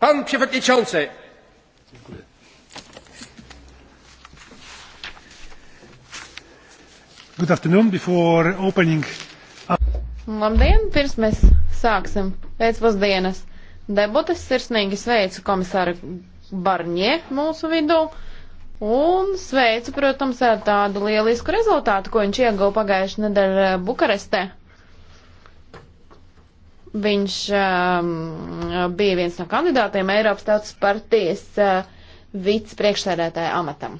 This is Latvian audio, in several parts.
Pan Przewodniczący! Dziękuję. Good afternoon. Before opening... Labdien! Pirms mēs sāksim pēcpusdienas debatas, sirsnīgi sveicu komisāru Barņē mūsu vidū un sveicu, protams, ar tādu lielisku rezultātu, ko viņš ieguva pagājušajā nedēļā Bukarestē. Viņš um, bija viens no kandidātiem Eiropas Tautas partijas uh, vicepriekšsēdētāja amatam.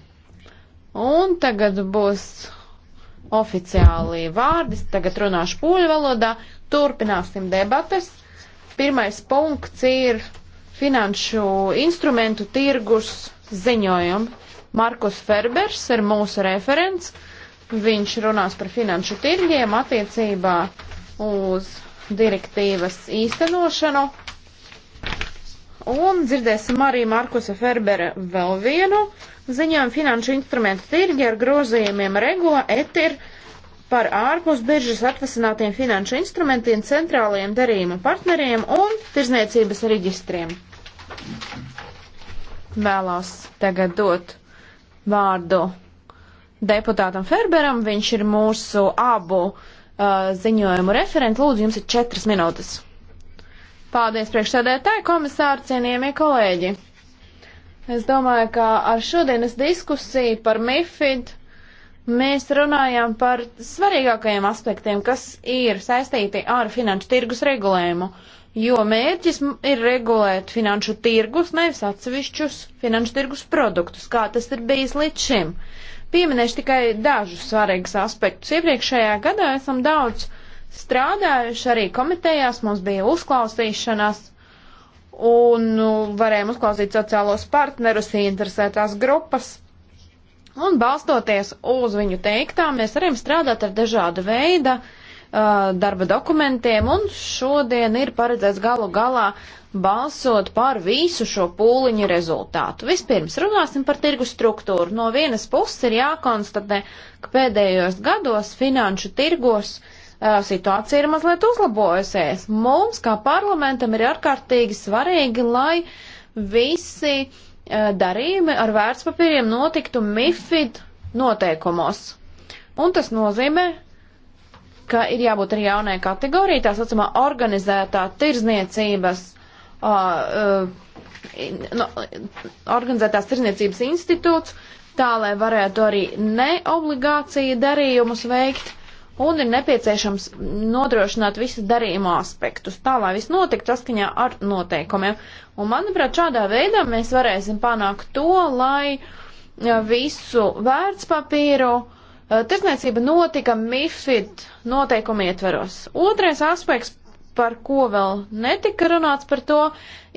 Un tagad būs oficiāli vārdis, tagad runāšu poļu valodā, turpināsim debates. Pirmais punkts ir finanšu instrumentu tirgus ziņojumi. Markus Ferbers ir mūsu referents. Viņš runās par finanšu tirgiem attiecībā uz direktīvas īstenošanu. Un dzirdēsim arī Markusa Ferbera vēl vienu ziņojumu finanšu instrumentu tirgi ar grozījumiem regula ETIR par ārpus biržas atvasinātiem finanšu instrumentiem, centrālajiem darījumu partneriem un tirzniecības reģistriem. Vēlos tagad dot vārdu deputātam Ferberam. Viņš ir mūsu abu uh, uh, ziņojumu referentu. Lūdzu, jums ir četras minūtes. Paldies priekšsēdētāji, komisāri, cienījamie kolēģi. Es domāju, ka ar šodienas diskusiju par MIFID mēs runājam par svarīgākajiem aspektiem, kas ir saistīti ar finanšu tirgus regulējumu, jo mērķis ir regulēt finanšu tirgus, nevis atsevišķus finanšu tirgus produktus, kā tas ir bijis līdz šim. Uh, Pieminēšu tikai dažus svarīgus aspektus. Iepriekšējā gadā esam daudz strādājuši, arī komitejās mums bija uzklausīšanas un nu, varējām uzklausīt sociālos partnerus, interesētās grupas. Un balstoties uz viņu teiktā, mēs varam strādāt ar dažādu veidu uh, Uh, darba dokumentiem, un šodien ir paredzēts galu galā balsot par visu šo pūliņu rezultātu. Vispirms runāsim par tirgu struktūru. No vienas puses ir jākonstatē, ka pēdējos gados finanšu tirgos uh, situācija ir mazliet uzlabojusies. Mums, kā parlamentam, ir ārkārtīgi svarīgi, lai visi uh, darījumi ar vērtspapīriem notiktu MIFID noteikumos. Un tas nozīmē, ka ir jābūt arī jaunai kategorijai, tā saucamā organizētā tirzniecības, uh, no, nu, organizētās tirzniecības institūts, tā lai varētu arī neobligācija darījumus veikt, un ir nepieciešams nodrošināt visus darījuma aspektus, tā lai viss notiktu saskaņā ar noteikumiem. Un, manuprāt, šādā veidā mēs varēsim panākt to, lai visu vērtspapīru uh, Tirzniecība notika MIFID noteikumu ietveros. Otrais aspekts, par ko vēl netika runāts par to,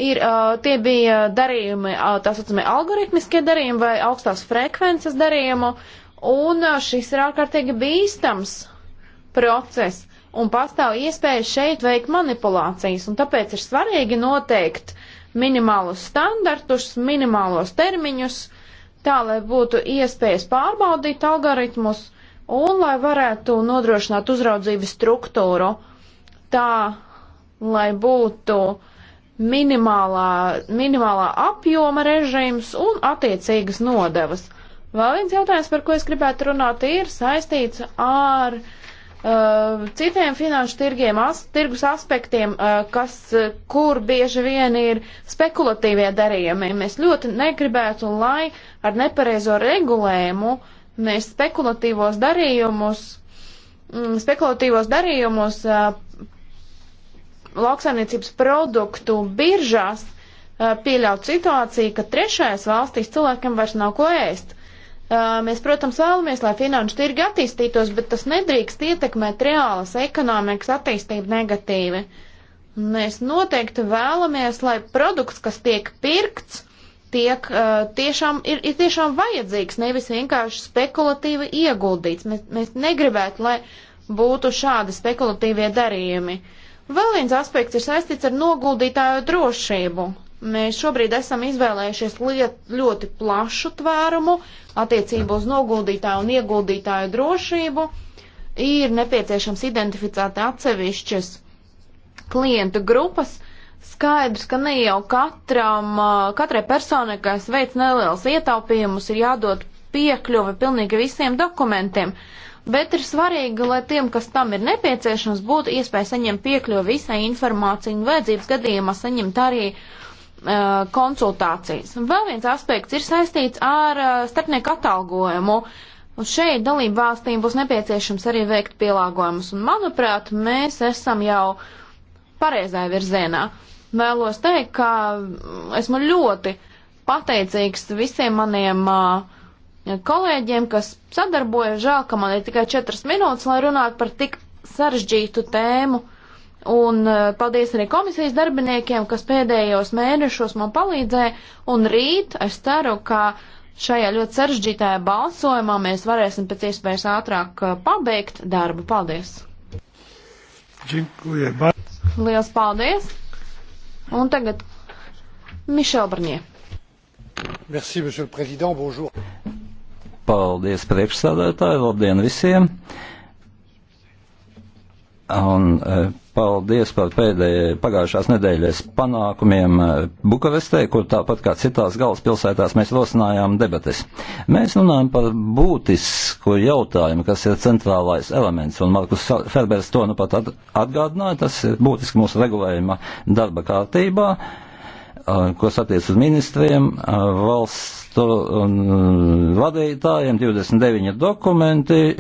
ir, uh, tie bija darījumi, uh, tā saucamie algoritmiskie darījumi vai augstās frekvences darījumu, un uh, šis ir ārkārtīgi bīstams process, un pastāv iespēja šeit veikt manipulācijas, un tāpēc ir svarīgi noteikt minimālus standartus, minimālos termiņus, tā lai būtu iespējas pārbaudīt algoritmus un lai varētu nodrošināt uzraudzības struktūru tā, lai būtu minimālā, minimālā apjoma režīms un attiecīgas nodevas. Vēl viens jautājums, par ko es gribētu runāt, ir saistīts ar uh, uh, citiem finanšu tirgiem, as, tirgus aspektiem, uh, kas, uh, kur bieži vien ir spekulatīvie darījumi. Mēs ļoti negribētu, lai ar nepareizo regulējumu mēs spekulatīvos darījumus, mm, spekulatīvos darījumus uh, lauksaimniecības produktu biržās uh, pieļaut situāciju, ka trešais valstīs cilvēkiem vairs nav ko ēst. Mēs, protams, vēlamies, lai finanšu tirgi attīstītos, bet tas nedrīkst ietekmēt reālas ekonomikas attīstību negatīvi. Mēs noteikti vēlamies, lai produkts, kas tiek pirkts, tiek, uh, tiešām, ir, ir tiešām vajadzīgs, nevis vienkārši spekulatīvi ieguldīts. Mēs, mēs negribētu, lai būtu šādi spekulatīvie darījumi. Vēl viens aspekts ir saistīts ar noguldītāju drošību. Mēs šobrīd esam izvēlējušies liet, ļoti plašu tvērumu attiecībā uz noguldītāju un ieguldītāju drošību. Ir nepieciešams identificēt atsevišķas klientu grupas. Skaidrs, ka ne jau katram, katrai personai, kas veic nelielus ietaupījumus, ir jādod piekļuve pilnīgi visiem dokumentiem bet ir svarīgi, lai tiem, kas tam ir nepieciešams, būtu iespēja saņemt piekļuvi visai informācijai un vajadzības gadījumā saņemt arī Uh, konsultācijas. Vēl viens aspekts ir saistīts ar uh, starpnieku atalgojumu. Un šeit dalību valstīm būs nepieciešams arī veikt pielāgojumus. Un, manuprāt, mēs esam jau pareizajā virzienā. Vēlos teikt, ka esmu ļoti pateicīgs visiem maniem uh, kolēģiem, kas sadarbojas. Žēl, ka man ir tikai četras minūtes, lai runātu par tik sarežģītu tēmu. Un eh, paldies arī komisijas darbiniekiem, kas pēdējos mēnešos man palīdzēja. Un rīt es ceru, ka šajā ļoti sarežģītajā balsojumā mēs varēsim pēc iespējas ātrāk eh, pabeigt darbu. Paldies! Dziękuję bardzo. Lielas paldies! Un tagad Mišel Barnie. Merci, monsieur le président. Bonjour. Paldies priekšsādātāji, labdien visiem! Un, uh, paldies par pēdējai pagājušās nedēļas panākumiem eh, Bukavestē, kur tāpat kā citās galvaspilsētās mēs rosinājām debates. Mēs runājam par būtisku jautājumu, kas ir centrālais elements, un Markus Ferbers to nu pat atgādināja, tas ir būtiski mūsu regulējuma darba kārtībā. Uh, kas attiec uz ministriem, valstu uh, vadītājiem, 29 dokumenti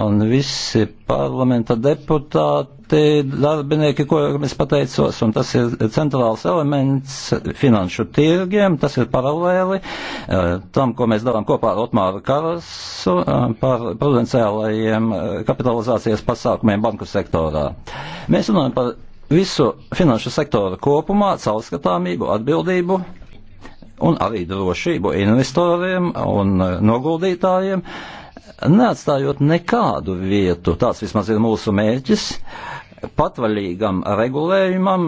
un visi parlamenta deputāti, darbinieki, kuriem es pateicos, un tas ir centrāls elements finanšu tirgiem, tas ir paralēli tam, ko mēs darām kopā ar Otmāru Karasu par prudenciālajiem kapitalizācijas pasākumiem banku sektorā. Mēs runājam par visu finanšu sektoru kopumā, caurskatāmību, atbildību un arī drošību investoriem un eh, noguldītājiem, neatstājot nekādu vietu, tāds vismaz ir mūsu mērķis, patvaļīgam regulējumam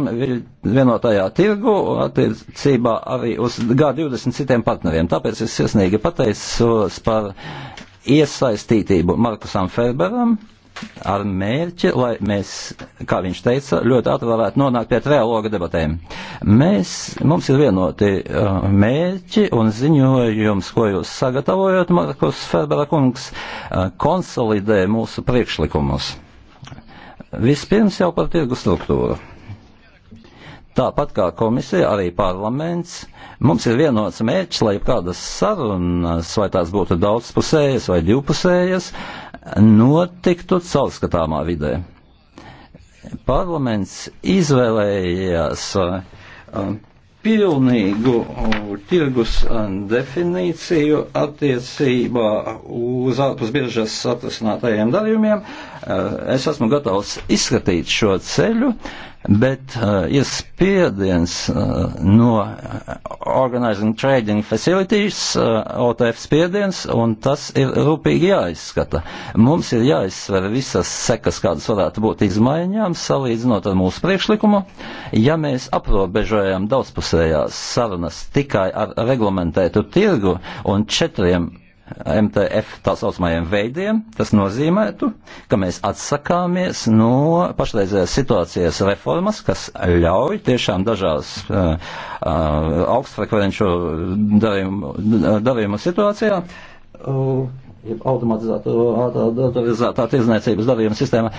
vienotajā tirgu attiecībā arī uz G20 citiem partneriem. Tāpēc es sirsnīgi pateicos par iesaistītību Markusam Ferberam ar mērķi, lai mēs, kā viņš teica, ļoti ātri varētu nonākt pie trialoga debatēm. Mēs, mums ir vienoti uh, mērķi un ziņojums, ko jūs sagatavojat, Markus Ferbera kungs, uh, konsolidē mūsu priekšlikumus. Vispirms jau par tirgu struktūru. Tāpat kā komisija, arī parlaments, mums ir vienots mērķis, lai kādas sarunas, vai tās būtu daudzpusējas vai divpusējas, notiktu caurskatāmā vidē. Parlaments izvēlējās uh, pilnīgu uh, tirgus uh, definīciju attiecībā uz ārpus biežas satrasinātajiem darījumiem. Es esmu gatavs izskatīt šo ceļu. Uh, bet uh, ir spiediens uh, no Organizing Trading Facilities, uh, OTF spiediens, un tas ir rūpīgi jāizskata. Mums ir jāizsver visas sekas, kādas varētu būt izmaiņām, salīdzinot ar mūsu priekšlikumu. Ja mēs aprobežojam daudzpusējās sarunas tikai ar reglamentētu tirgu un četriem MTF tā saucamajiem veidiem, tas nozīmētu, ka mēs atsakāmies no pašreizējās situācijas reformas, kas ļauj tiešām dažās uh, uh, augstfrekvenču darījumu situācijā. Uh, automatizētā tirzniecības darījuma sistēma,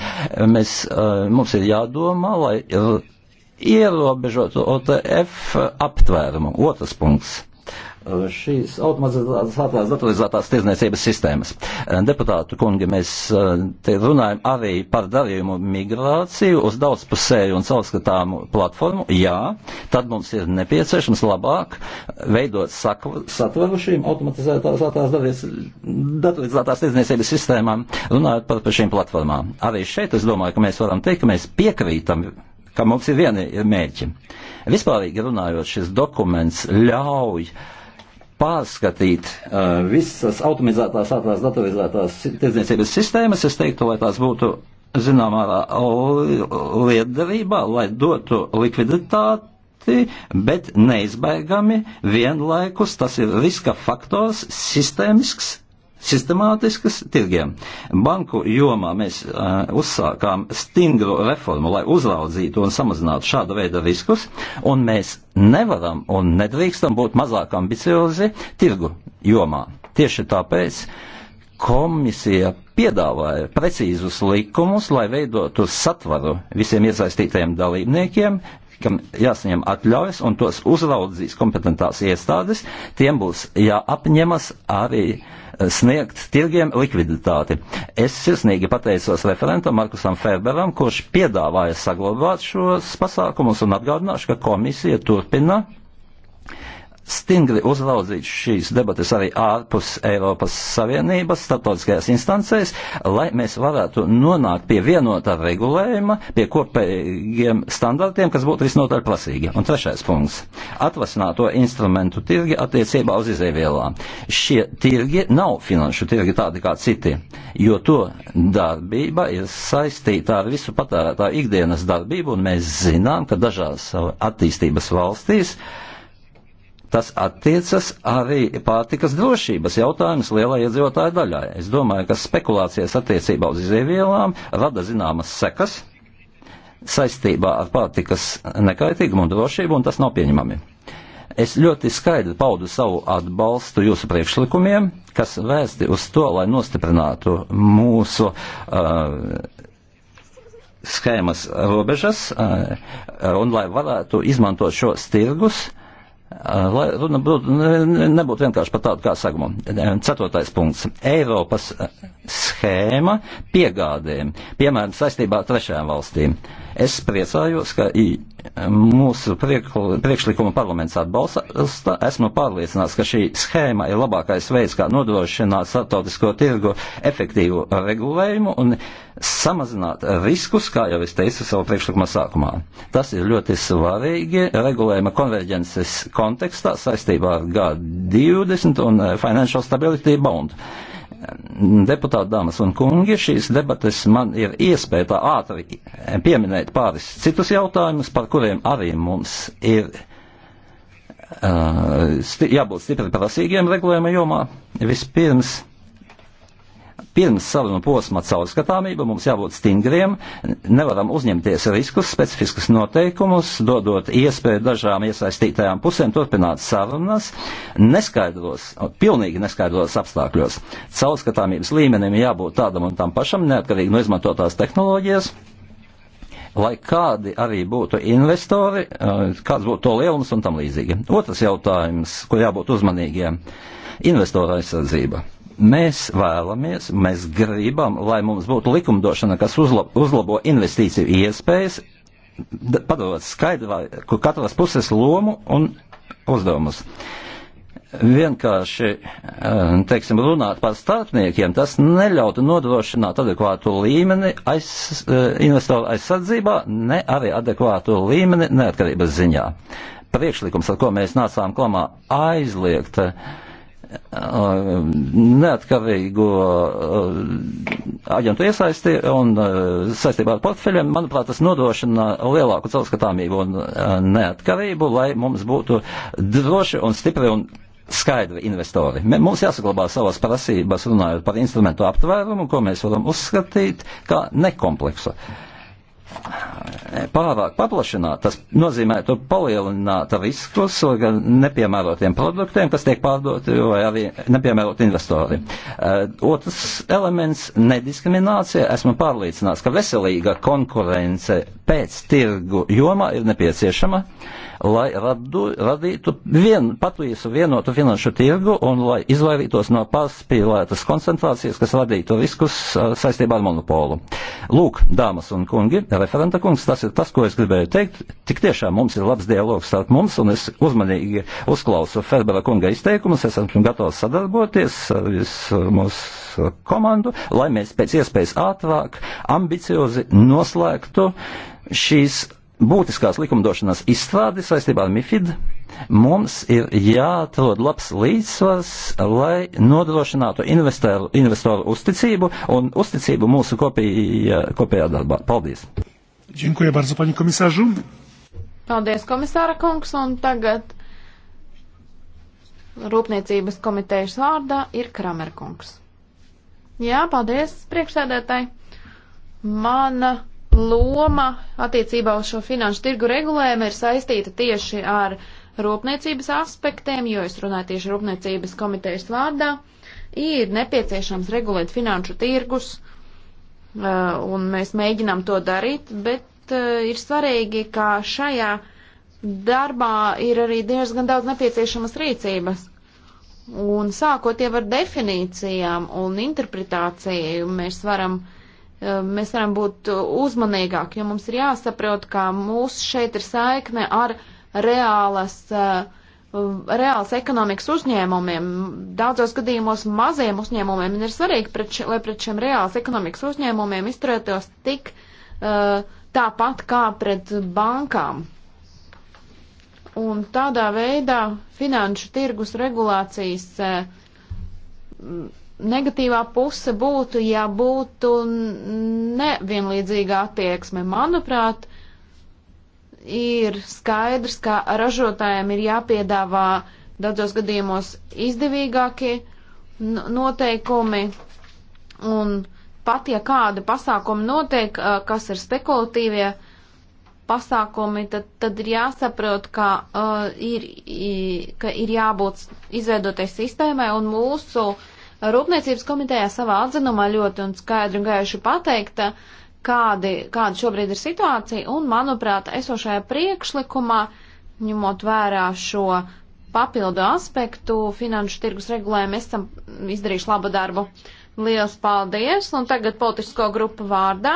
mēs, uh, mums ir jādomā, lai uh, ierobežotu OTF aptvērumu. Otrs punkts šīs automatizētās, automatizētās tirdzniecības sistēmas. Eh, deputātu kungi, mēs eh, te runājam arī par darījumu migrāciju uz daudzpusēju un caurskatāmu platformu. Jā, tad mums ir nepieciešams labāk veidot satvaru šīm automatizētās datorizētās tirdzniecības sistēmām, runājot par, par šīm platformām. Arī šeit es domāju, ka mēs varam teikt, ka mēs piekrītam ka mums ir viena mērķa. Vispārīgi runājot, šis dokuments ļauj uh, pārskatīt uh, visas automatizētās, ātrās datorizētās tirdzniecības sistēmas, es teiktu, lai tās būtu zināmā liederībā, lai dotu likviditāti, bet neizbēgami vienlaikus tas ir riska faktors, sistēmisks sistemātiskas tirgiem. Banku jomā mēs uh, uzsākām stingru reformu, lai uzraudzītu un samazinātu šāda veida riskus, un mēs nevaram un nedrīkstam būt mazāk ambiciozi tirgu jomā. Tieši tāpēc komisija piedāvāja precīzus likumus, lai veidotu satvaru visiem iesaistītajiem dalībniekiem, kam jāsaņem atļaujas un tos uzraudzīs kompetentās iestādes, tiem būs jāapņemas arī uh, sniegt tirgiem likviditāti. Es sirsnīgi pateicos referentam Markusam Ferberam, kurš piedāvāja saglabāt šos pasākumus un atgādināšu, ka komisija turpina stingri uzraudzīt šīs debates arī ārpus Eiropas Savienības starptautiskajās instancēs, lai mēs varētu nonākt pie vienotā regulējuma, pie kopējiem standartiem, kas būtu visnotaļ prasīgi. Un trešais punkts - atvasināto instrumentu tirgi attiecībā uz izēvielām. Šie tirgi nav finanšu tirgi tādi kā citi, jo to darbība ir saistīta ar visu patērētāju ikdienas darbību, un mēs zinām, ka dažās attīstības valstīs, Tas attiecas arī pārtikas drošības jautājums lielai iedzīvotāju daļai. Es domāju, ka spekulācijas attiecībā uz izievielām rada zināmas sekas saistībā ar pārtikas nekaitīgumu un drošību, un tas nav pieņemami. Es ļoti skaidri paudu savu atbalstu jūsu priekšlikumiem, kas vērsti uz to, lai nostiprinātu mūsu uh, schēmas robežas uh, un lai varētu izmantot šos tirgus uh, Uh, lai runa būtu, nebūtu vienkārši par tādu kā sagumu. Uh, ceturtais punkts. Eiropas uh, schēma piegādēm, piemēram, saistībā ar trešajām valstīm. Uh, Es priecājos, ka mūsu priekšlikuma parlaments atbalsta. Esmu pārliecināts, ka šī schēma ir labākais veids, kā nodrošināt starptautisko tirgu efektīvu regulējumu un samazināt riskus, kā jau es teicu savu priekšlikuma sākumā. Tas ir ļoti svarīgi regulējuma konverģences kontekstā saistībā ar G20 un eh, Financial Stability Bond. Uh, deputāti, dāmas un kungi, šīs debates man ir iespēja tā ātri pieminēt pāris citus jautājumus, par kuriem arī mums ir uh, sti jābūt stipri prasīgiem regulējuma jomā. Vispirms pirms sarunu posma caurskatāmība mums jābūt stingriem, nevaram uzņemties riskus, specifiskus noteikumus, dodot iespēju dažām iesaistītajām pusēm turpināt sarunas neskaidros, pilnīgi neskaidros apstākļos. Caurskatāmības līmenim jābūt tādam un tam pašam, neatkarīgi no izmantotās tehnoloģijas lai kādi arī būtu investori, eh, kāds būtu to lielums un tam līdzīgi. Otrs jautājums, kur jābūt uzmanīgiem - investora aizsardzība. Mēs vēlamies, mēs gribam, lai mums būtu likumdošana, kas uzlab, uzlabo investīciju iespējas, padodot skaidrāku katras puses lomu un uzdevumus. Vienkārši, eh, teiksim, runāt par starpniekiem, tas neļautu nodrošināt adekvātu līmeni aiz, eh, investoru aizsardzībā, ne arī adekvātu līmeni neatkarības ziņā. Priekšlikums, ar ko mēs nācām klamā, aizliegt uh, neatkarīgo eh, aģentu iesaisti un eh, saistībā ar portfeļiem, manuprāt, tas nodrošina lielāku caurskatāmību un eh, neatkarību, lai mums būtu droši un stipri un skaidri investori. Mums jāsaglabā savas prasības runājot par instrumentu aptvērumu, ko mēs varam uzskatīt kā nekompleksu. Uh, pārāk paplašināt, tas nozīmētu palielināt riskus gan nepiemērotiem produktiem, kas tiek pārdoti, vai arī nepiemērot investori. Uh, otrs elements - nediskriminācija. Esmu pārliecināts, ka veselīga konkurence pēc tirgu jomā ir nepieciešama, lai radu, radītu vien, patiesu vienotu finanšu tirgu un lai izvairītos no pārspīlētas koncentrācijas, kas radītu riskus uh, saistībā ar monopolu. Uh, Lūk, dāmas un kungi, referenta kungs, tas ir tas, ko es gribēju teikt. Tik tiešām mums ir labs dialogs starp mums, un es uzmanīgi uzklausu Ferbera kunga izteikumus. Es esmu gatavs sadarboties ar visu mūsu komandu, lai mēs pēc iespējas ātrāk, ambiciozi noslēgtu šīs būtiskās likumdošanas izstrādi saistībā ar MIFID mums ir jāatrod labs līdzsvars, lai nodrošinātu investoru, investoru uzticību un uzticību mūsu kopija, kopējā darbā. Paldies! Dziękuję bardzo, panie komisarzu. Paldies, komisāra kungs, un tagad Rūpniecības komitejas vārdā ir Kramer kungs. Jā, paldies, priekšsēdētāji. Mana loma attiecībā uz šo finanšu tirgu regulējumu ir saistīta tieši ar rūpniecības aspektiem, jo es runāju tieši rūpniecības komitejas vārdā, ir nepieciešams regulēt finanšu tirgus, uh, un mēs mēģinām to darīt, bet uh, ir svarīgi, ka šajā darbā ir arī diezgan daudz nepieciešamas rīcības. Un sākot jau ar definīcijām un interpretāciju, mēs varam uh, Ehm, mēs varam būt uzmanīgāki, jo mums ir jāsaprot, ka mūsu šeit ir saikne ar reālas, eh, reāls ekonomikas uzņēmumiem. Daudzos gadījumos maziem uzņēmumiem ir svarīgi, pret, ši, lai pret šiem reāls ekonomikas uzņēmumiem izturētos tik eh, tāpat kā pret bankām. Un tādā veidā finanšu tirgus regulācijas eh, negatīvā puse būtu, ja būtu nevienlīdzīga attieksme. Manuprāt, ir skaidrs, ka ražotājiem ir jāpiedāvā daudzos gadījumos izdevīgākie noteikumi, un pat ja kāda pasākuma notiek, kas ir spekulatīvie pasākumi, tad, tad ir jāsaprot, ka, uh, ir, i, ka ir jābūt izveidotai sistēmai, un mūsu uh, Rūpniecības komitejā savā atzinumā ļoti un skaidri un gaiši pateikta, kādi, kāda šobrīd ir situācija, un, manuprāt, esošajā priekšlikumā, ņemot vērā šo papildu aspektu finanšu tirgus regulējumu, es tam izdarīšu labu darbu. Liels paldies, un tagad politisko grupu vārdā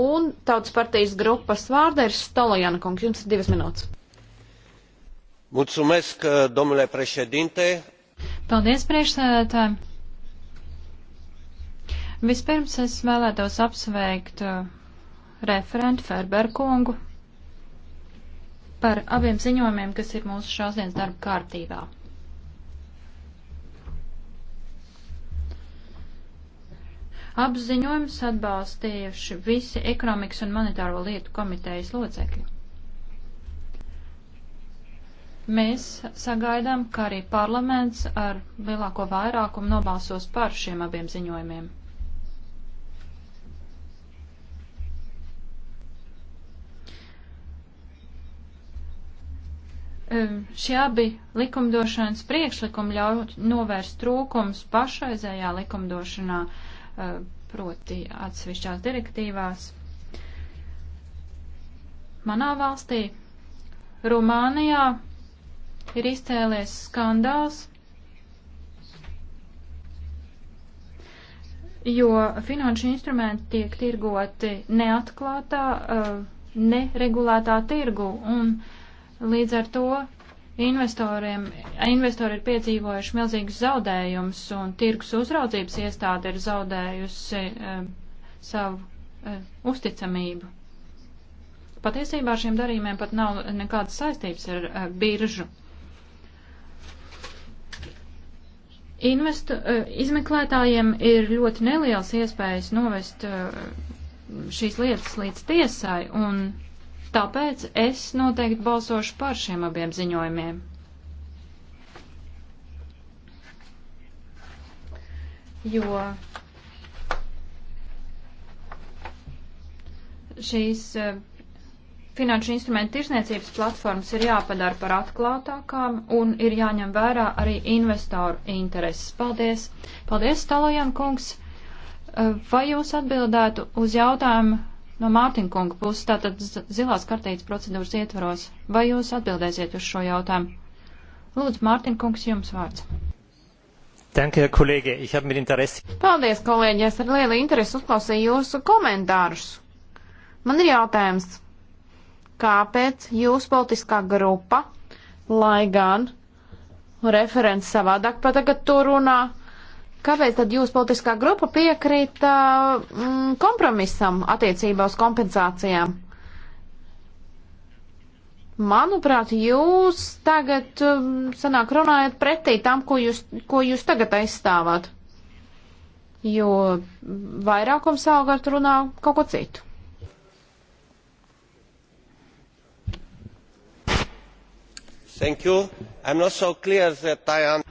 un Tautas partijas grupas vārdā ir Stolojana kungs. Jums ir divas minūtes. Mulțumesc, domnule președinte. Paldies, priekšsēdētāji. Vispirms es vēlētos apsveikt uh, referentu Ferberkungu par abiem ziņojumiem, kas ir mūsu šāsdienas darba kārtībā. Apziņojums atbalstījuši visi ekonomikas un monetāro lietu komitejas locekļi. Mēs sagaidām, ka arī parlaments ar lielāko vairākumu nobalsos par šiem abiem ziņojumiem. šie abi likumdošanas priekšlikumi ļauj novērst trūkums pašreizējā likumdošanā, proti atsevišķās direktīvās. Manā valstī, Rumānijā, ir izcēlies skandāls, jo finanšu instrumenti tiek tirgoti neatklātā, neregulētā tirgu un uh, Līdz ar to investoriem, investori ir piedzīvojuši milzīgus zaudējumus un tirgus uzraudzības iestāde ir zaudējusi e, savu e, uzticamību. Patiesībā šiem darījumiem pat nav nekādas saistības ar e, biržu. Investu, e, izmeklētājiem ir ļoti neliels iespējas novest e, šīs lietas līdz tiesai un Tāpēc es noteikti balsošu par šiem abiem ziņojumiem. Jo šīs eh, finanšu instrumentu tirsniecības platformas ir jāpadara par atklātākām un ir jāņem vērā arī investoru intereses. Paldies! Paldies, Stalojan kungs! Eh, vai jūs atbildētu uz jautājumu no Mārtiņkunga puses, tātad zilās kartītes procedūras ietvaros. Vai jūs atbildēsiet uz šo jautājumu? Lūdzu, Mārtiņkungs, jums vārds. Danke, kolēģi, ich habe mit interesi. Paldies, kolēģi, es ar lielu interesi uzklausīju jūsu komentārus. Man ir jautājums, kāpēc jūs politiskā grupa, lai gan referents savādāk pat tagad to runā, Kāpēc tad jūs politiskā grupa piekrīt mm, kompromisam attiecībā uz kompensācijām? Manuprāt, jūs tagad sanāk runājat pretī tam, ko jūs, ko jūs tagad aizstāvāt. Jo vairākums savukārt runā kaut ko citu. Thank you. I'm not so clear that I am.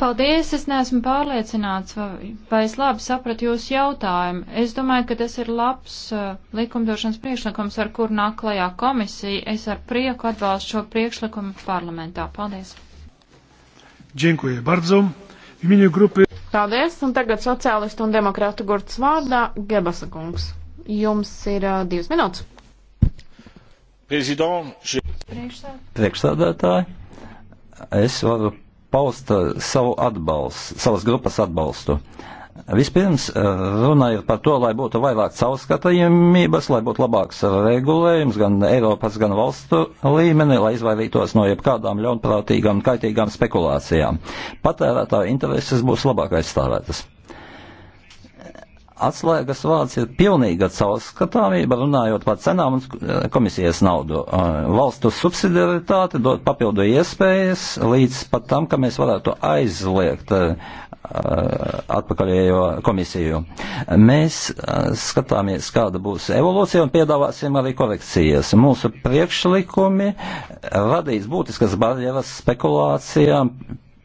Paldies, es neesmu pārliecināts, vai, vai es labi sapratu jūsu jautājumu. Es domāju, ka tas ir labs uh, likumdošanas priekšlikums, ar kur nāk klajā komisija. Es ar prieku atbalstu šo priekšlikumu parlamentā. Paldies. Dziękuję bardzo. W imieniu grupy. Paldies, un tagad sociālistu un demokrātu gurtas vārdā Gebasa kungs. Jums ir uh, divas minūtes. Priekšsādātāji, es varu paust savu atbalstu, savas grupas atbalstu. Vispirms eh, runa ir par to, lai būtu vairāk caurskatījumības, lai būtu labāks regulējums gan Eiropas, gan valstu līmenī, lai izvairītos no jebkādām ļaunprātīgām un kaitīgām spekulācijām. Patērētāju intereses būs labāk aizstāvētas atslēgas vārds ir pilnīga caurskatāmība, runājot par cenām un eh, komisijas naudu. Eh, valstu subsidiaritāte dod papildu iespējas līdz pat tam, ka mēs varētu aizliegt eh, atpakaļējo komisiju. Mēs skatāmies, kāda būs evolūcija un piedāvāsim arī korekcijas. Mūsu priekšlikumi radīs būtiskas barjeras spekulācijām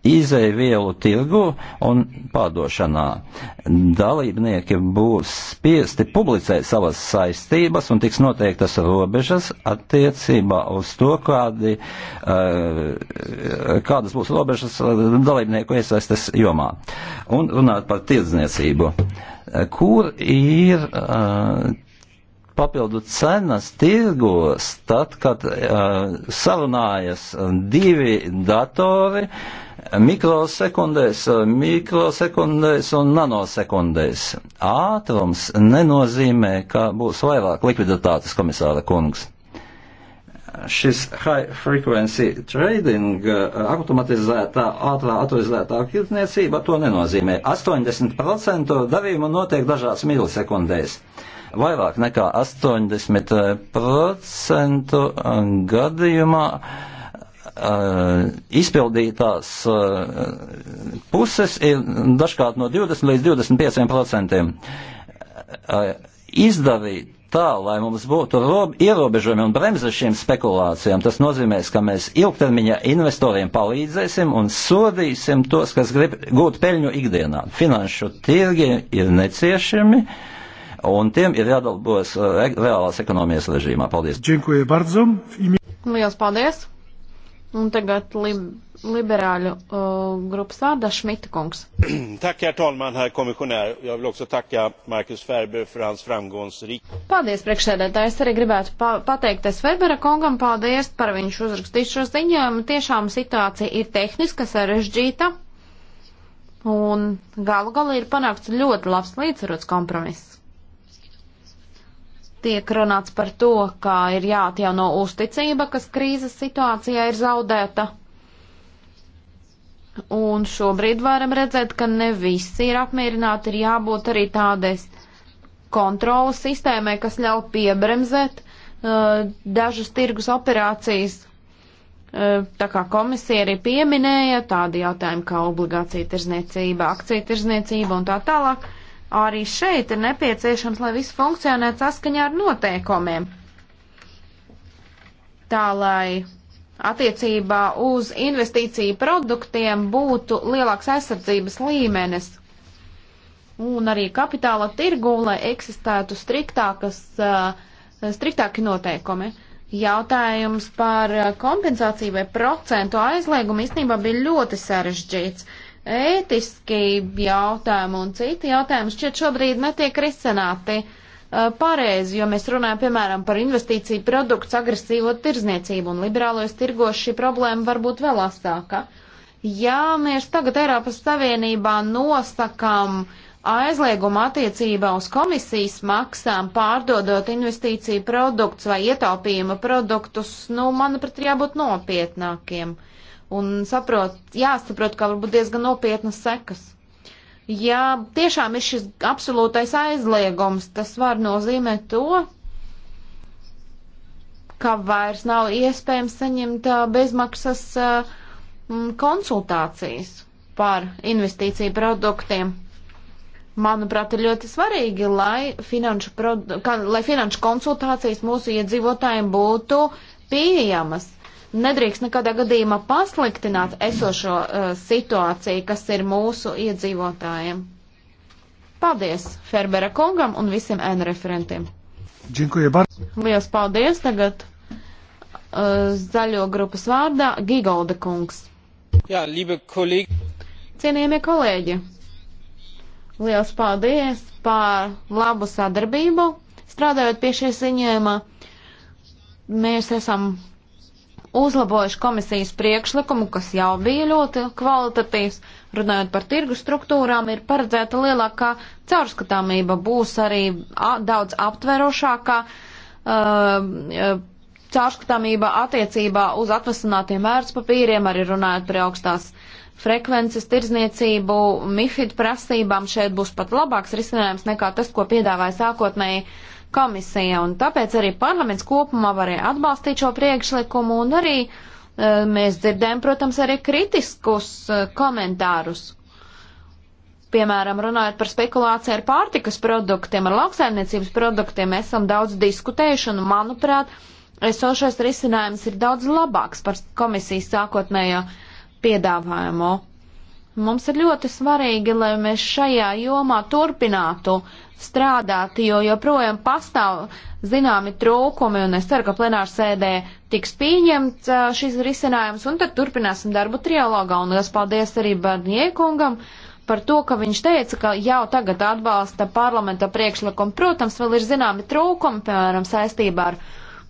izēvielu tirgu un pārdošanā. Dalībnieki būs spiesti publicēt savas saistības un tiks noteiktas robežas attiecībā uz to, kādi, eh, kādas būs robežas dalībnieku iesaistes jomā. Un runāt par tirdzniecību. Kur ir uh, papildu cenas tirgos, tad, kad uh, sarunājas divi datori, mikrosekundēs, mikrosekundēs un nanosekundēs. Ātrums nenozīmē, ka būs vairāk likviditātes komisāra kungs šis high frequency trading, automatizētā, ātrā autorizētā kirtniecība to nenozīmē. 80% darījumu notiek dažās milisekundēs. Uh, vairāk nekā 80% eh, eh, gadījumā Uh, izpildītās uh, puses ir dažkārt no 20 līdz 25 procentiem. Uh, izdarīt tā, lai mums būtu ierobežojumi un bremzes šīm spekulācijām, tas nozīmēs, ka mēs ilgtermiņā investoriem palīdzēsim un sodīsim tos, kas grib gūt peļņu ikdienā. Finanšu tirgi ir neciešami. Uh, un tiem ir jādalbos uh, e, reālās ekonomijas režīmā. Paldies! Lielas paldies! Un tagad li liberāļu uh, grupas vārdā Šmita kungs. Tak, herr talman, herr komisionēr. Jag vill också tacka Markus Ferber för hans framgångsrik. Paldies, priekšsēdētāji. Es arī gribētu pa pateikties Ferbera kungam. Paldies par viņš uzrakstīšo ziņojumu. Tiešām situācija ir tehniska, sarežģīta. Un galu galā ir panākts ļoti labs līdzsvarots kompromiss tiek runāts par to, ka ir jāatjauno uzticība, kas krīzes situācijā ir zaudēta. Un šobrīd varam redzēt, ka ne visi ir apmierināti, ir jābūt arī tādai kontrolas sistēmai, kas ļauj piebremzēt uh, dažas tirgus operācijas. Uh, tā kā komisija arī pieminēja tādi jautājumi kā obligācija tirzniecība, akcija tirzniecība un tā tālāk. Uh, Arī šeit ir nepieciešams, lai viss funkcionētu saskaņā ar noteikumiem. Tā lai attiecībā uz investīciju produktiem būtu lielāks aizsardzības līmenis un arī kapitāla tirgu, lai eksistētu striktākas, eh, striktāki noteikumi. Jautājums par eh, kompensāciju vai procentu aizliegumu īstenībā bija ļoti sarežģīts ētiski jautājumi un citi jautājumi šķiet šobrīd netiek risināti uh, pareizi, jo mēs runājam, piemēram, par investīciju produktu, agresīvo tirzniecību un liberālojas tirgos šī problēma var būt vēl astāka. Ja mēs tagad Eiropas Savienībā nosakam aizliegumu attiecībā uz komisijas maksām, pārdodot investīciju produktus vai ietaupījuma produktus, nu, manuprāt, ir jābūt nopietnākiem. Uh, un saprot, jāsaprot, ka var būt diezgan nopietnas sekas. Ja tiešām ir šis absolūtais aizliegums, tas var nozīmēt to, ka vairs nav iespējams saņemt bezmaksas konsultācijas par investīciju produktiem. Manuprāt, ir ļoti svarīgi, lai finanšu, produ, ka, lai finanšu konsultācijas mūsu iedzīvotājiem būtu pieejamas nedrīkst nekādā gadījumā pasliktināt esošo uh, situāciju, kas ir mūsu iedzīvotājiem. Paldies Ferbera kungam un visiem ēnu referentiem. Lielas paldies tagad uh, zaļo grupas vārdā Gigolda kungs. Jā, liebe kolēģi. Cienījamie kolēģi, liels paldies par labu sadarbību. Strādājot pie šī ziņojuma, mēs esam uzlabojuši komisijas priekšlikumu, kas jau bija ļoti kvalitatīvs. Runājot par tirgu struktūrām, ir paredzēta lielākā caurskatāmība, būs arī daudz aptverošākā uh, uh, caurskatāmība attiecībā uz atvasinātiem vērtspapīriem, arī runājot par augstās frekvences tirzniecību, MIFID prasībām. Šeit būs pat labāks risinājums nekā tas, ko piedāvāja sākotnēji uh, komisija, un tāpēc arī parlaments kopumā varēja atbalstīt šo priekšlikumu, un arī eh, mēs dzirdējam, protams, arī kritiskus eh, komentārus. Piemēram, runājot par spekulāciju ar pārtikas produktiem, ar lauksaimniecības produktiem, esam daudz diskutējuši, un, manuprāt, esošais risinājums ir daudz labāks par komisijas sākotnējo piedāvājumu. Mums ir ļoti svarīgi, lai mēs šajā jomā turpinātu strādāt, jo joprojām pastāv zināmi trūkumi, un es ceru, ka plenāra sēdē tiks pieņemts šis risinājums, un tad turpināsim darbu trialogā, un es paldies arī Barniekungam par to, ka viņš teica, ka jau tagad atbalsta parlamenta priekšlikumu. Protams, vēl ir zināmi trūkumi, piemēram, saistībā ar,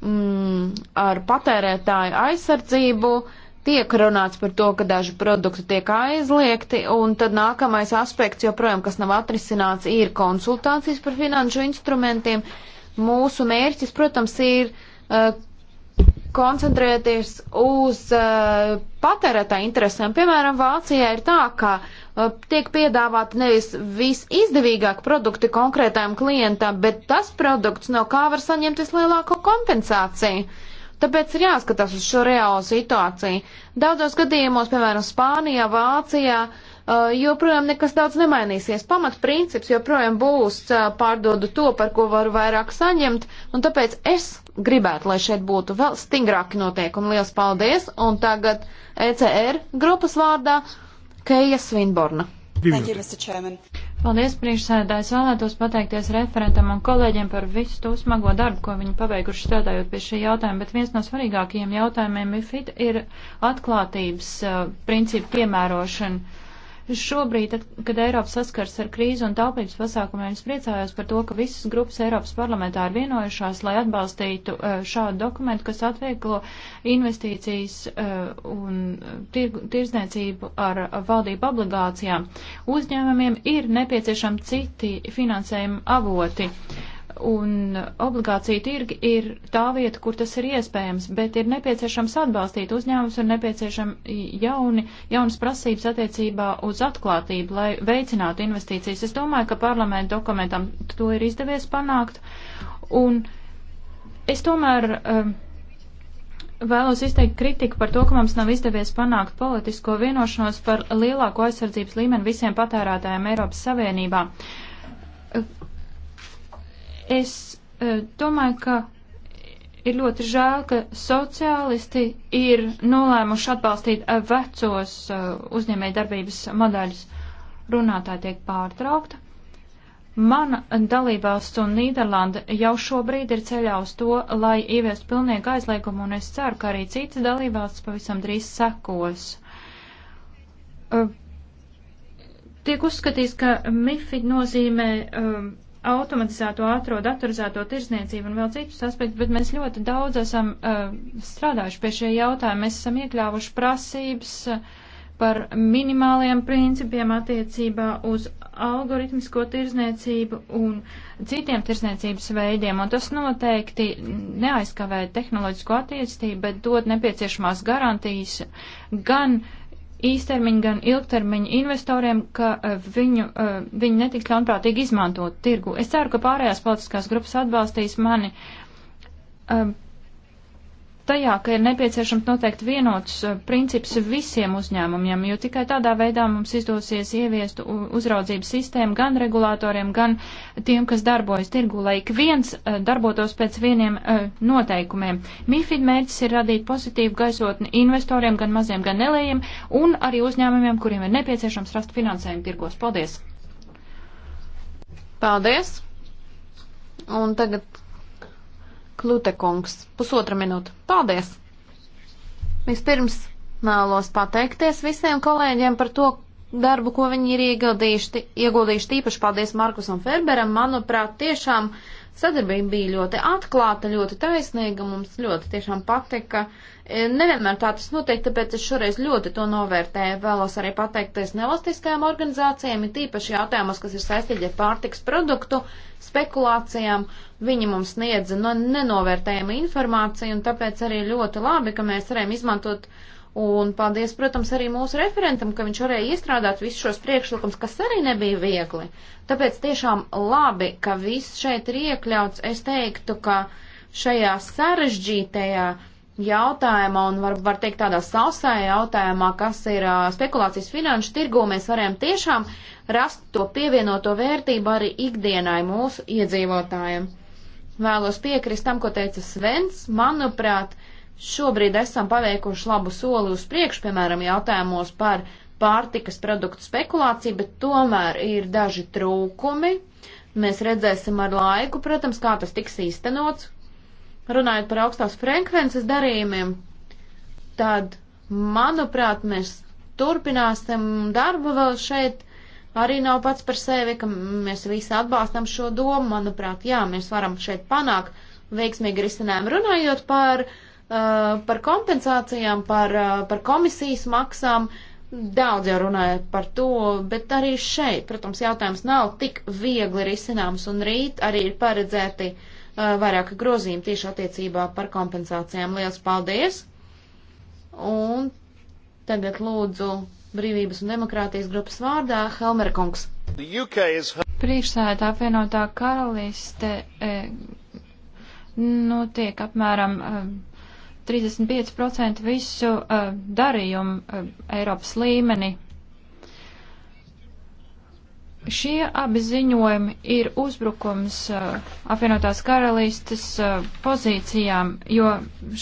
mm, ar patērētāju aizsardzību. Uh, tiek runāts par to, ka daži produkti tiek aizliegti, un tad nākamais aspekts joprojām, kas nav atrisināts, ir konsultācijas par finanšu instrumentiem. Mūsu mērķis, protams, ir uh, koncentrēties uz uh, patērētā interesēm. Piemēram, Vācijā ir tā, ka uh, tiek piedāvāti nevis visizdevīgāk produkti konkrētām klientam, bet tas produkts, no kā var saņemt vislielāko kompensāciju. Uh, Tāpēc ir jāskatās uz šo reālo situāciju. Daudzos gadījumos, piemēram, Spānijā, Vācijā, uh, joprojām nekas daudz nemainīsies. Pamatprincips joprojām būs uh, pārdodu to, par ko varu vairāk saņemt, un tāpēc es gribētu, lai šeit būtu vēl stingrāki noteikumi. Lielas paldies! Un tagad ECR grupas vārdā Keija Svinborna. Thank you, Mr. Chairman. Paldies, priekšsēdājs. Vēlētos pateikties referentam un kolēģiem par visu to smago darbu, ko viņi paveikuši strādājot pie šī jautājuma, bet viens no svarīgākajiem jautājumiem ir, ir atklātības uh, principu piemērošana. Šobrīd, kad Eiropa saskars ar krīzi un taupības pasākumiem, es priecājos par to, ka visas grupas Eiropas parlamentā ir vienojušās, lai atbalstītu e, šādu dokumentu, kas atvieglo investīcijas e, un tirzniecību ar valdību obligācijām. Uzņēmumiem ir nepieciešami citi finansējuma avoti. Un obligācija tirgi ir tā vieta, kur tas ir iespējams, bet ir nepieciešams atbalstīt uzņēmums un nepieciešami jauni, jaunas prasības attiecībā uz atklātību, lai veicinātu investīcijas. Es domāju, ka parlamentu dokumentam to ir izdevies panākt. Un es tomēr um, vēlos izteikt kritiku par to, ka mums nav izdevies panākt politisko vienošanos par lielāko aizsardzības līmeni visiem patērētājiem Eiropas Savienībā. Uh, Es uh, domāju, ka ir ļoti žēl, ka sociālisti ir nolēmuši atbalstīt e, vecos e, uzņēmē darbības modeļus. Runātāja tiek pārtraukta. Mana dalībvalsts un Nīderlanda jau šobrīd ir ceļā uz to, lai ieviestu pilnīgu aizliegumu, un es ceru, ka arī citas dalībvalsts pavisam drīz sekos. Tiek uzskatīts, ka MIFID nozīmē um, automatizēto, ātro, datorizēto tirzniecību un vēl citus aspektus, bet mēs ļoti daudz esam uh, strādājuši pie šie jautājumi. Mēs esam iekļāvuši prasības uh, par minimāliem principiem attiecībā uz algoritmisko tirzniecību un citiem tirzniecības veidiem, un tas noteikti neaizskavē tehnoloģisko attīstību, bet dod nepieciešamās garantijas gan uh, īstermiņa, gan ilgtermiņa investoriem, ka e, viņu, e, viņi netiks ļaunprātīgi izmantot tirgu. Es ceru, ka pārējās politiskās grupas atbalstīs mani e, tajā, ka ir nepieciešams noteikti vienots eh, princips visiem uzņēmumiem, jo tikai tādā veidā mums izdosies ieviest uzraudzības sistēmu gan regulātoriem, gan tiem, kas darbojas tirgu, lai ik viens eh, darbotos pēc vieniem eh, noteikumiem. MIFID mērķis ir radīt pozitīvu gaisotni investoriem, gan maziem, gan nelējiem, un arī uzņēmumiem, kuriem ir nepieciešams rast finansējumu tirgos. Paldies! Paldies! Un tagad Klutekungs. Pusotra minūte. Paldies! Vispirms vēlos pateikties visiem kolēģiem par to darbu, ko viņi ir ieguldījuši. Ieguldījuši īpaši paldies Markusam Ferberam. Manuprāt, tiešām Sadarbība bija ļoti atklāta, ļoti taisnīga, mums ļoti tiešām patika. E, nevienmēr tā tas notiek, tāpēc es šoreiz ļoti to novērtēju. Vēlos arī pateikties nelastiskajām organizācijām, ir tīpaši jautājumos, kas ir saistīti ar pārtiks produktu, spekulācijām. Viņi mums sniedza no nenovērtējumu informāciju, un tāpēc arī ļoti labi, ka mēs varējām izmantot uh, Un paldies, protams, arī mūsu referentam, ka viņš varēja iestrādāt visus šos priekšlikums, kas arī nebija viegli. Tāpēc tiešām labi, ka viss šeit ir iekļauts. Es teiktu, ka šajā sarežģītajā jautājumā un var, var teikt tādā sausajā jautājumā, kas ir uh, spekulācijas finanšu tirgū, mēs varējam tiešām rast to pievienoto vērtību arī ikdienai mūsu iedzīvotājiem. Vēlos piekrist tam, ko teica Svens. Manuprāt, Šobrīd esam paveikuši labu soli uz priekšu, piemēram, jautājumos par pārtikas produktu spekulāciju, bet tomēr ir daži trūkumi. Mēs redzēsim ar laiku, protams, kā tas tiks īstenots. Runājot par augstās frekvences darījumiem, tad, manuprāt, mēs turpināsim darbu vēl šeit arī nav pats par sevi, ka mēs visi atbalstam šo domu. Manuprāt, jā, mēs varam šeit panākt veiksmīgi risinājumu runājot par Eh, par kompensācijām, par, eh, par komisijas maksām. Daudz jau runāja par to, bet arī šeit, protams, jautājums nav tik viegli risināms, un rīt arī ir paredzēti uh, vairāki grozījumi tieši attiecībā par kompensācijām. Liels paldies! Un tagad lūdzu Brīvības un demokrātijas grupas vārdā Helmer Kungs. Is... Priekšsēdā apvienotā karaliste. Eh, notiek nu, apmēram 35% visu uh, darījumu uh, Eiropas līmenī. Šie abi ziņojumi ir uzbrukums uh, apvienotās karalistes uh, pozīcijām, jo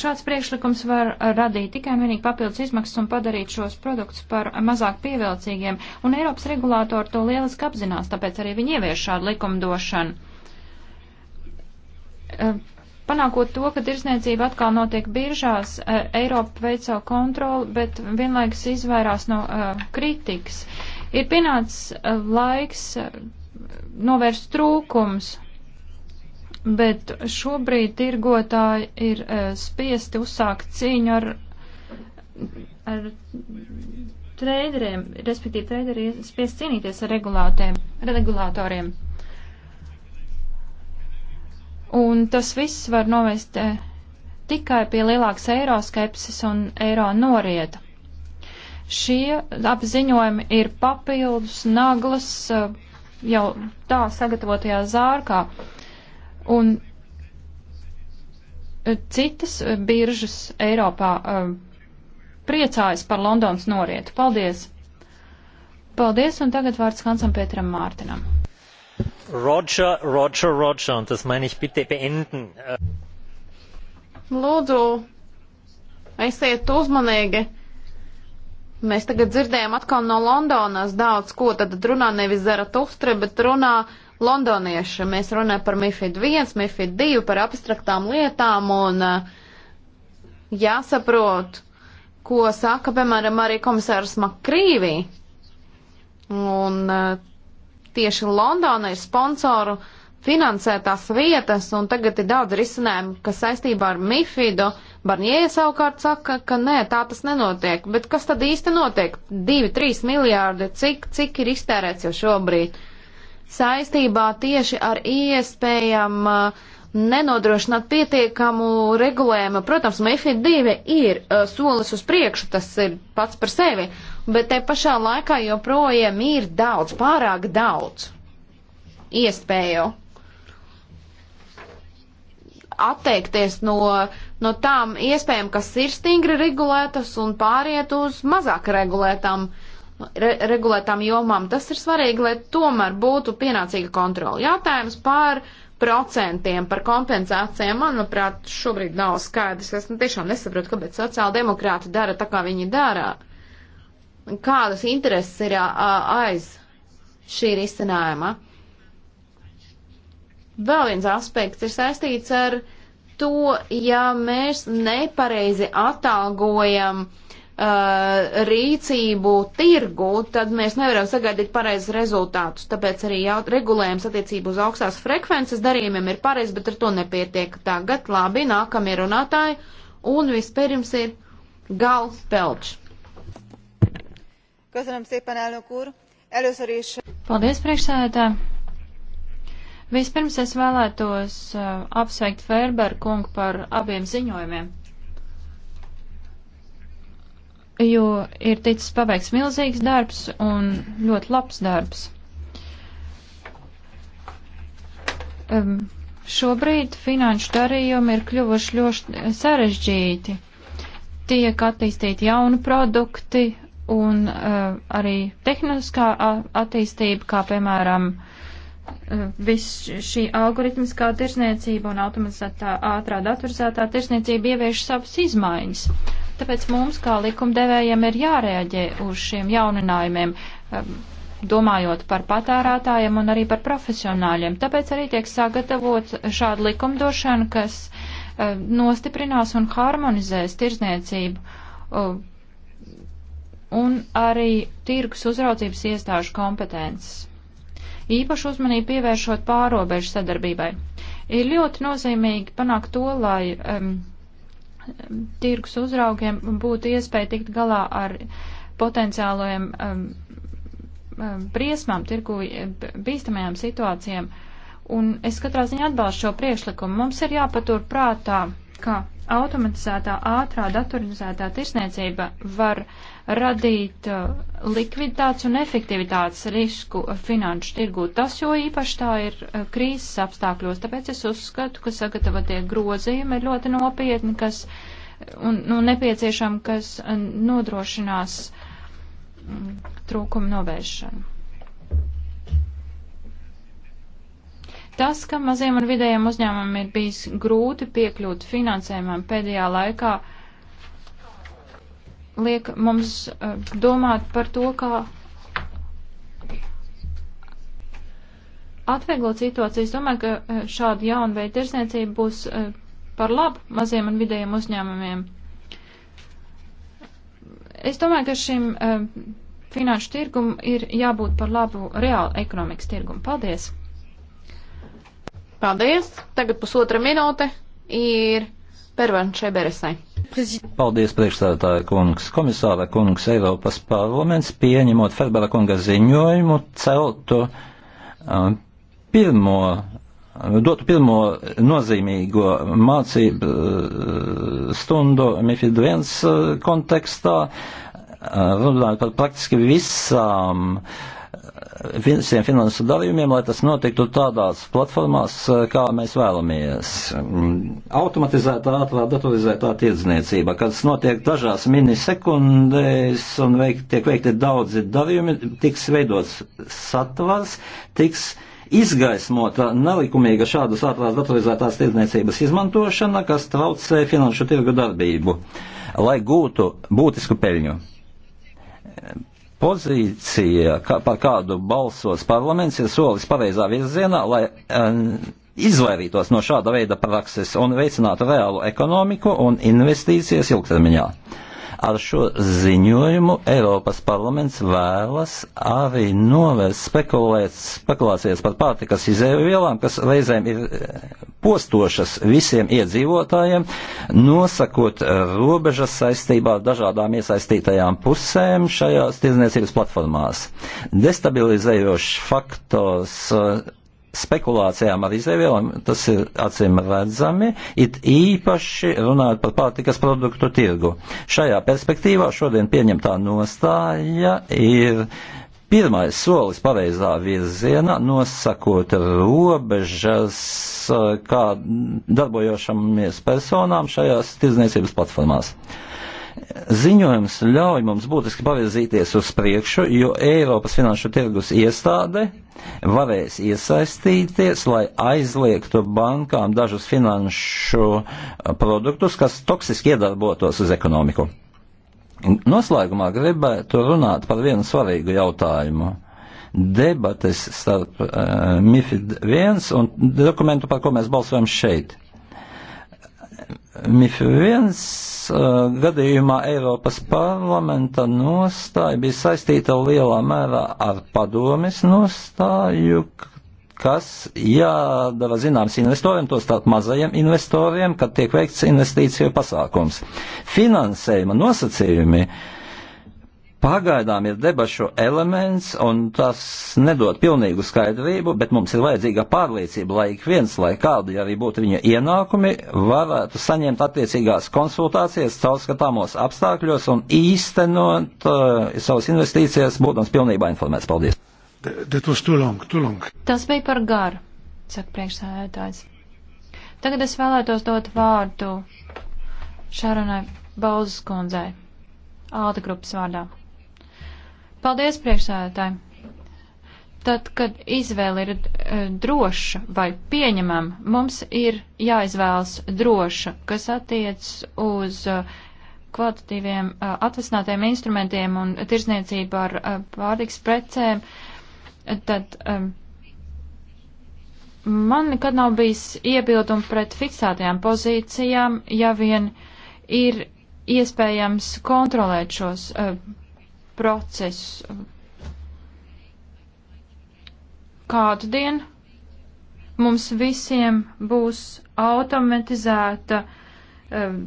šāds priekšlikums var uh, radīt tikai un vienīgi papildus izmaksas un padarīt šos produktus par uh, mazāk pievilcīgiem, un Eiropas regulātori to lieliski apzinās, tāpēc arī viņi ievieš šādu likumdošanu. Uh, Panākot to, ka tirzniecība atkal notiek biržās, eh, Eiropa veic savu kontroli, bet vienlaikus izvairās no uh, kritikas. Ir pienācis uh, laiks uh, novērst trūkums, bet šobrīd tirgotāji ir uh, spiesti uzsākt cīņu ar, ar treideriem, respektīvi treideri ir spiesti cīnīties ar regulātoriem. Un tas viss var novest eh, tikai pie lielākas eiroskepsis un eiro norieta. Šie apziņojumi ir papildus naglas eh, jau tā sagatavotajā zārkā. Un eh, citas biržas Eiropā priecājas par Londons norietu. Paldies! Paldies, un tagad vārds Hansam Pēteram Mārtinam. Roger, Roger, Roger, un tas meine ich bitte beenden. Lūdzu, esiet uzmanīgi. Mēs tagad dzirdējam atkal no Londonas daudz ko, tad runā nevis Zaratustre, bet runā londonieši. Mēs runājam par MIFID 1, MIFID 2, par abstraktām lietām un eh, jāsaprot, ko saka, piemēram, arī komisārs Makrīvī. Un uh, tieši Londona ir sponsoru finansētās vietas, un tagad ir daudz risinājumu, kas saistībā ar Mifidu. Barņēja savukārt saka, ka nē, tā tas nenotiek. Bet kas tad īsti notiek? 2-3 miljārdi, cik, cik ir iztērēts jau šobrīd? Saistībā tieši ar iespējām uh, nenodrošināt pietiekamu regulējumu. Protams, MIFID 2 ir uh, solis uz priekšu, tas ir pats par sevi. Uh, bet te pašā laikā joprojām ir daudz, pārāk daudz iespēju atteikties no, no tām iespējām, kas ir stingri regulētas un pāriet uz mazāk regulētām, re, regulētām jomām. Tas ir svarīgi, lai tomēr būtu pienācīga kontrola. Jātājums par procentiem, par kompensācijām, manuprāt, šobrīd nav skaidrs. Es nu, tiešām nesaprotu, kāpēc sociāldemokrāti dara tā, kā viņi dara. Uh, kādas intereses ir aiz šī risinājuma. Vēl viens aspekts ir saistīts ar to, ja mēs nepareizi atalgojam uh, rīcību tirgu, tad mēs nevaram sagaidīt pareizus rezultātus. Tāpēc arī jau regulējums attiecību uz augstās frekvences darījumiem ir pareizs, bet ar to nepietiek. Tagad labi, nākamie runātāji, un vispirms ir Gal Pelčs. Paldies, priekšsēdētāji! Vispirms es vēlētos uh, apsveikt Ferberu kungu par abiem ziņojumiem, jo ir ticis pabeigts milzīgs darbs un ļoti labs darbs. Um, šobrīd finanšu darījumi ir kļuvuši ļoti sarežģīti. Tiek attīstīti jauni produkti, un uh, arī tehniskā attīstība, kā piemēram uh, viss šī algoritmiskā tirsniecība un automatizētā ātrā datorizētā tirsniecība ievieš savas izmaiņas. Tāpēc mums, kā likumdevējiem, ir jārēģē uz šiem jauninājumiem, uh, domājot par patērētājiem un arī par profesionāļiem. Tāpēc arī tiek sagatavot šāda likumdošana, kas uh, nostiprinās un harmonizēs tirsniecību. Uh, un arī tirgus uzraudzības iestāžu kompetences. Īpašu uzmanību pievēršot pārobežu sadarbībai. Ir ļoti nozīmīgi panākt to, lai um, tirgus uzraugiem būtu iespēja tikt galā ar potenciālajiem um, briesmām, tirgu bīstamajām situācijām. Un es katrā ziņā atbalstu šo priekšlikumu. Mums ir jāpatur prātā, ka automatizētā ātrā datorizētā tirsniecība var uh, radīt uh, likviditātes un efektivitātes risku finanšu tirgū. Tas jo īpaši tā ir uh, krīzes apstākļos, tāpēc es uzskatu, ka sagatavotie grozījumi ir ļoti nopietni, kas un nu, nepieciešami, kas uh, nodrošinās mm, trūkumu novēršanu. Tas, ka maziem un vidējiem uzņēmumiem ir bijis grūti piekļūt finansējumam pēdējā laikā, uh, liek mums eh, domāt par to, kā atvieglot situāciju. Es domāju, ka eh, šāda jauna veida tirsniecība būs eh, par labu maziem un vidējiem uzņēmumiem. Es domāju, ka šim finanšu tirgumu ir jābūt par labu reāli ekonomikas tirgumu. Paldies! Paldies! Tagad pusotra minūte ir Pervan Šeberesai. Paldies, priekšstādātāja kungs. Komisāra kungs Eiropas parlaments pieņemot Ferbera kunga ziņojumu celtu um, pirmo, dotu pirmo nozīmīgo mācību uh, stundu MIFID 1 uh, kontekstā, uh, runājot par praktiski visām uh, visiem finansu darījumiem, lai tas notiktu tādās platformās, eh, kā mēs vēlamies. Mm, automatizētā, ātrā, datorizētā tirdzniecība, kad notiek dažās minisekundēs un veik, tiek veikti daudzi darījumi, tiks veidots satvars, tiks izgaismota nelikumīga šādas ātrās datorizētās tirdzniecības izmantošana, kas traucē finanšu tirgu darbību, lai gūtu būtisku peļņu pozīcija, kā, par kādu balsos parlaments, ir solis pareizā virzienā, lai eh, izvairītos no šāda veida prakses un veicinātu reālu ekonomiku un investīcijas ilgtermiņā. Ar šo ziņojumu Eiropas parlaments vēlas arī novērst spekulācijas par pārtikas izēju vielām, kas reizēm ir eh, postošas visiem iedzīvotājiem, nosakot eh, robežas saistībā ar dažādām iesaistītajām pusēm šajās tirdzniecības platformās. Destabilizējošs faktors eh, spekulācijām ar izēvielām, tas ir acīm redzami, it īpaši runājot par pārtikas produktu tirgu. Šajā perspektīvā šodien pieņemtā nostāja ir pirmais solis pareizā virzienā, nosakot robežas kā darbojošamies personām šajās tirdzniecības platformās. Uh, Ziņojums ļauj mums būtiski pavirzīties uz priekšu, jo Eiropas finanšu tirgus iestāde varēs iesaistīties, lai aizliegtu bankām dažus finanšu eh, produktus, kas toksiski iedarbotos uz ekonomiku. Noslēgumā gribētu runāt par vienu svarīgu jautājumu debates starp uh, MIFID 1 un dokumentu, par ko mēs balsojam šeit. MIF1 uh, gadījumā Eiropas parlamenta nostāja bija saistīta lielā mērā ar padomis nostāju, kas jādara zināms investoriem, to starp mazajiem investoriem, kad tiek veikts investīciju pasākums. Finansējuma nosacījumi uh, pagaidām ir debašu elements, un tas nedod pilnīgu skaidrību, bet mums ir vajadzīga pārliecība, lai ik viens, lai kādi arī būtu viņa ienākumi, varētu saņemt attiecīgās konsultācijas caurskatāmos apstākļos un īstenot uh, savas investīcijas, būtams pilnībā informēts. Paldies! That was too long, too long. Tas bija par garu, saka priekšsēdētājs. Tagad es vēlētos dot vārdu Šarunai Bauzes kundzei, Alta grupas vārdā. Paldies, priekšsēdētāji! Tad, kad izvēle ir uh, droša vai pieņemama, mums ir jāizvēlas droša, kas attiec uz uh, kvalitatīviem uh, atvesinātiem instrumentiem un tirzniecību ar pārtiks precēm. Tad um, man nekad nav bijis iebildumi pret fiksētajām pozīcijām, ja vien ir iespējams kontrolēt šos uh, procesus. Kādu dienu mums visiem būs automatizēta um,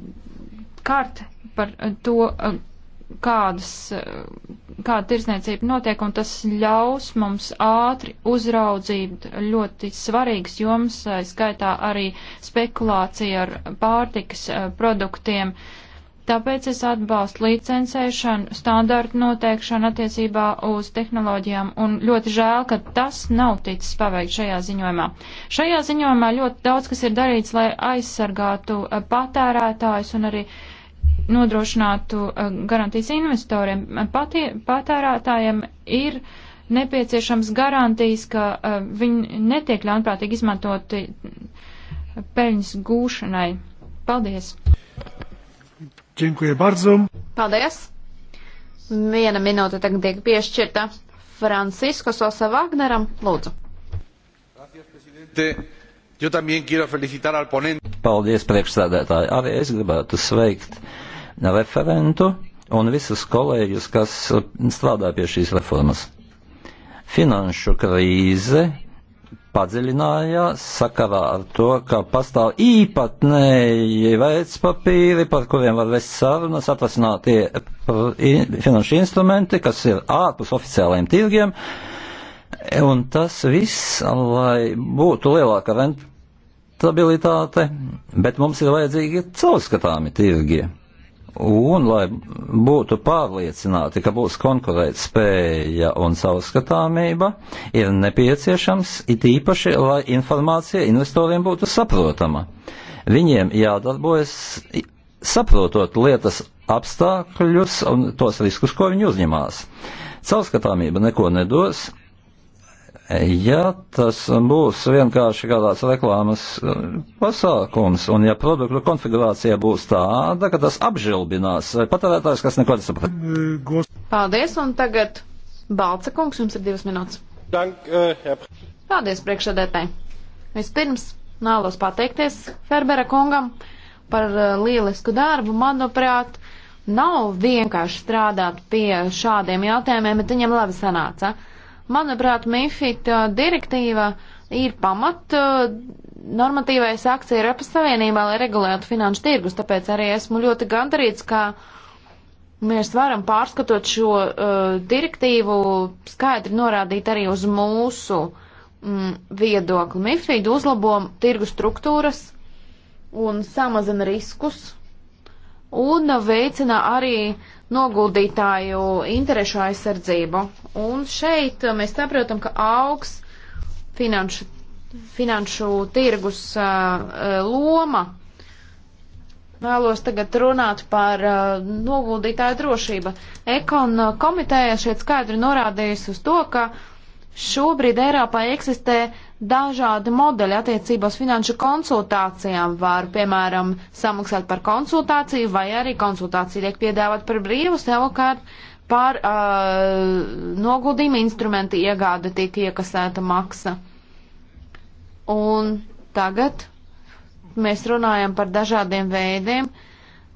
karte par to, um, kādas, um, kāda tirsniecība notiek, un tas ļaus mums ātri uzraudzīt ļoti svarīgas jomas, uh, skaitā arī spekulācija ar pārtikas uh, produktiem. Uh, Tāpēc es atbalstu licencēšanu, standartu noteikšanu attiecībā uz tehnoloģijām un ļoti žēl, ka tas nav ticis paveikt šajā ziņojumā. Šajā ziņojumā ļoti daudz kas ir darīts, lai aizsargātu eh, patērētājus un arī nodrošinātu eh, garantijas investoriem. Patie, patērētājiem ir nepieciešams garantijas, ka uh, viņi netiek ļaunprātīgi izmantoti peļņas gūšanai. Paldies! Dziękuję bardzo. Paldies. Viena minūte tagad tiek piešķirta Francisko Sosa Wagneram. Lūdzu. Paldies, priekšsēdētāji. Arī es gribētu sveikt referentu un visus kolēģus, kas strādā pie šīs reformas. Finanšu krīze padziļinājās sakarā ar to, ka pastāv īpatnēji vērtspapīri, par kuriem var vest sarunas, atvasināt tie finanšu instrumenti, kas ir ārpus oficiālajiem tirgiem, un tas viss, lai būtu lielāka rentabilitāte, bet mums ir vajadzīgi caurskatāmi tirgi un lai būtu pārliecināti, ka būs konkurētspēja un savskatāmība, ir nepieciešams it īpaši, lai informācija investoriem būtu saprotama. Viņiem jādarbojas saprotot lietas apstākļus un tos riskus, ko viņi uzņemās. Caurskatāmība neko nedos, Ja tas būs vienkārši kādās reklāmas eh, pasākums, un ja produktu konfigurācija būs tāda, ka tas apžilbinās eh, patērētājs, kas neko nesaprot. Paldies, un tagad Balca kungs, jums ir divas minūtes. Dank, uh, Paldies priekšsēdētāji. Vispirms nālos pateikties Ferbera kungam par lielisku darbu, manuprāt. Nav vienkārši strādāt pie šādiem jautājumiem, bet viņam labi sanāca. Uh, Manuprāt, MIFID uh, direktīva ir pamat uh, normatīvais akts Eiropas Savienībā, lai regulētu finanšu tirgus, tāpēc arī esmu ļoti gandarīts, ka mēs varam pārskatot šo uh, direktīvu, skaidri norādīt arī uz mūsu mm, viedokli. MIFID uzlabo tirgu struktūras un samazina riskus un veicina arī uh, noguldītāju interešu aizsardzību. Un šeit mēs saprotam, ka augs finanšu, finanšu tirgus uh, loma. Vēlos tagad runāt par uh, noguldītāju drošību. Ekon komiteja šeit skaidri norādījusi uz to, ka šobrīd Eiropā eksistē uh, dažādi modeļi attiecībās finanšu konsultācijām. Var, piemēram, samaksāt par konsultāciju, vai arī konsultācija tiek piedāvāt par brīvu, savukārt par uh, noguldījumu instrumentu iegāde tiek iekasēta maksa. Un tagad mēs runājam par dažādiem veidiem,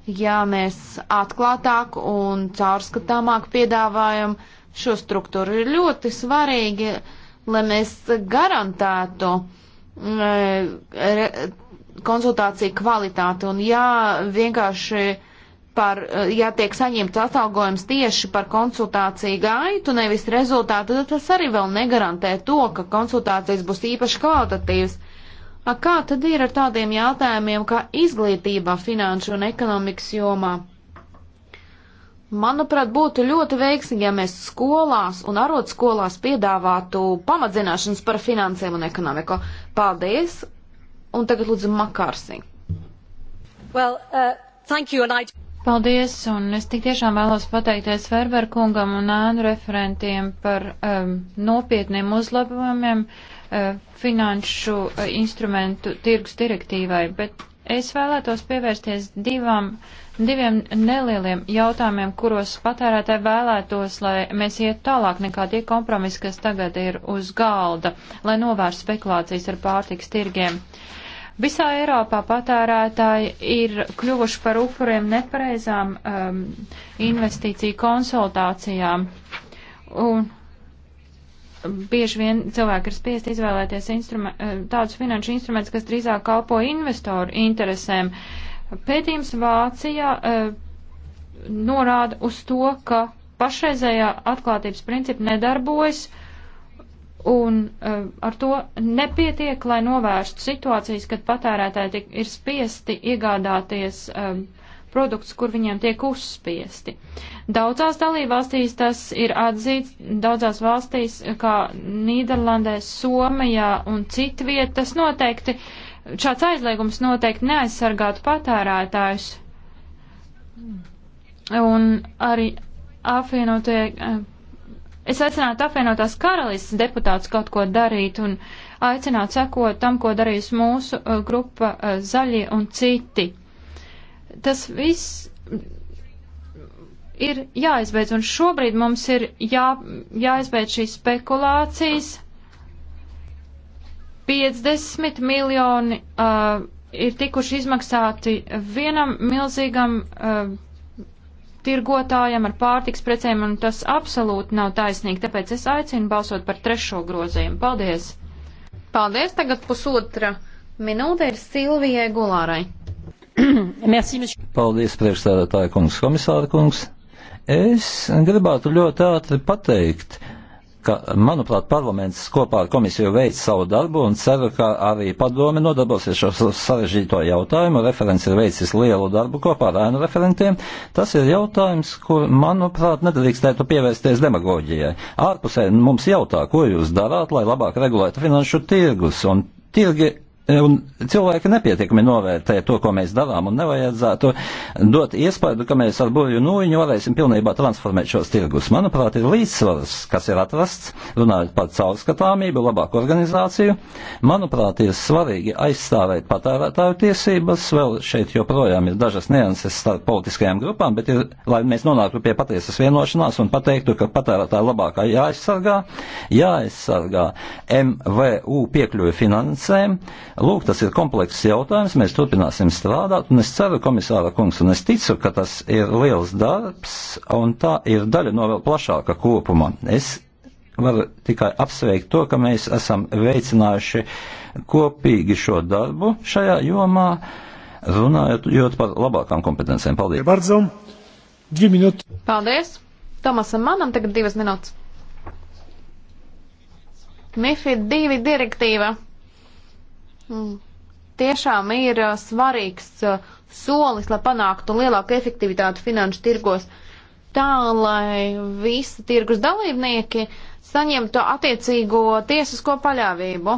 ja mēs atklātāk un caurskatāmāk piedāvājam šo struktūru. Ir ļoti svarīgi uh, lai mēs garantētu mm, e, konsultāciju kvalitāti. Un jā, vienkārši par, e, ja tiek saņemts atalgojums tieši par konsultāciju gaitu, nevis rezultātu, tad tas arī vēl negarantē to, ka konsultācijas būs īpaši kvalitatīvas. A kā tad ir ar tādiem jautājumiem kā izglītībā, finanšu un ekonomikas jomā? Manuprāt, būtu ļoti veiksmīgi, ja mēs skolās un arotskolās piedāvātu pamatzināšanas par finansēm un ekonomiku. Paldies! Un tagad lūdzu Makārsī. Well, uh, thank you, and I... Paldies, un es tik tiešām vēlos pateikties Ferber kungam un ēnu referentiem par um, nopietniem uzlabojumiem uh, finanšu uh, instrumentu tirgus direktīvai, bet es vēlētos pievērsties divām uh, diviem nelieliem jautājumiem, kuros patērētāji vēlētos, lai mēs iet tālāk nekā tie kompromisi, kas tagad ir uz galda, lai novērstu spekulācijas ar pārtiks tirgiem. Visā Eiropā patērētāji ir kļuvuši par upuriem nepareizām um, investīciju konsultācijām. Un bieži vien cilvēki ir spiest izvēlēties eh, tādus finanšu instrumentus, kas drīzāk kalpo investoru interesēm. Uh, Pētījums Vācijā e, norāda uz to, ka pašreizējā atklātības principa nedarbojas un uh, ar to nepietiek, lai novērstu situācijas, kad patērētāji tiek, ir spiesti iegādāties um, produktus, kur viņiem tiek uzspiesti. Daudzās dalībvalstīs tas ir atzīts, daudzās valstīs, kā Nīderlandē, Somijā un citvietas noteikti uh, šāds aizliegums noteikti neaizsargātu patērētājus. Un arī apvienotie, eh, es aicinātu apvienotās karalists deputātus kaut ko darīt un aicināt sekot tam, ko darīs mūsu eh, grupa eh, zaļie un citi. Tas viss ir jāizbeidz, un šobrīd mums ir jā, jāizbeidz šīs spekulācijas. Oh 50 miljoni uh, ir tikuši izmaksāti vienam milzīgam uh, tirgotājam ar pārtiks precēm, un tas absolūti nav taisnīgi, tāpēc es aicinu balsot par trešo grozījumu. Paldies! Paldies! Tagad pusotra minūte ir Silvijai Gulārai. Paldies, priekšstādātāja kungs, komisāra kungs. Es gribētu ļoti ātri pateikt, ka, manuprāt, parlaments kopā ar komisiju veic savu darbu un ceru, ka arī padome nodarbosies šo sarežģīto jautājumu. Referents ir veicis lielu darbu kopā ar ēnu referentiem. Tas ir jautājums, kur, manuprāt, nedrīkstētu pievērsties demagoģijai. Ārpusē mums jautā, ko jūs darāt, lai labāk regulētu finanšu tirgus, un tirgi E, un cilvēki nepietiekami novērtē to, ko mēs darām, un nevajadzētu dot iespēju, ka mēs ar burju nūjiņu varēsim pilnībā transformēt šos tirgus. Manuprāt, ir līdzsvars, kas ir atrasts, runājot par caurskatāmību, labāku organizāciju. Manuprāt, ir svarīgi aizstāvēt patērētāju tiesības, vēl šeit joprojām ir dažas nianses starp politiskajām grupām, bet ir, lai mēs nonāktu pie patiesas vienošanās un pateiktu, ka patērētāji labākā jāaizsargā, jāaizsargā MVU piekļuvi finansēm, Lūk, tas ir komplekss jautājums, mēs turpināsim strādāt, un es ceru, komisāra kungs, un es ticu, ka tas ir liels darbs, un tā ir daļa no vēl plašāka kopuma. Es varu tikai apsveikt to, ka mēs esam veicinājuši kopīgi šo darbu šajā jomā, runājot par labākām kompetencijām. Paldies! Paldies! Tomasam Manam tagad divas minūtes. MIFID 2 direktīva Mm. tiešām ir uh, svarīgs uh, solis, lai panāktu lielāku efektivitāti finanšu tirgos, tā lai visi tirgus dalībnieki saņemtu attiecīgo tiesisko paļāvību.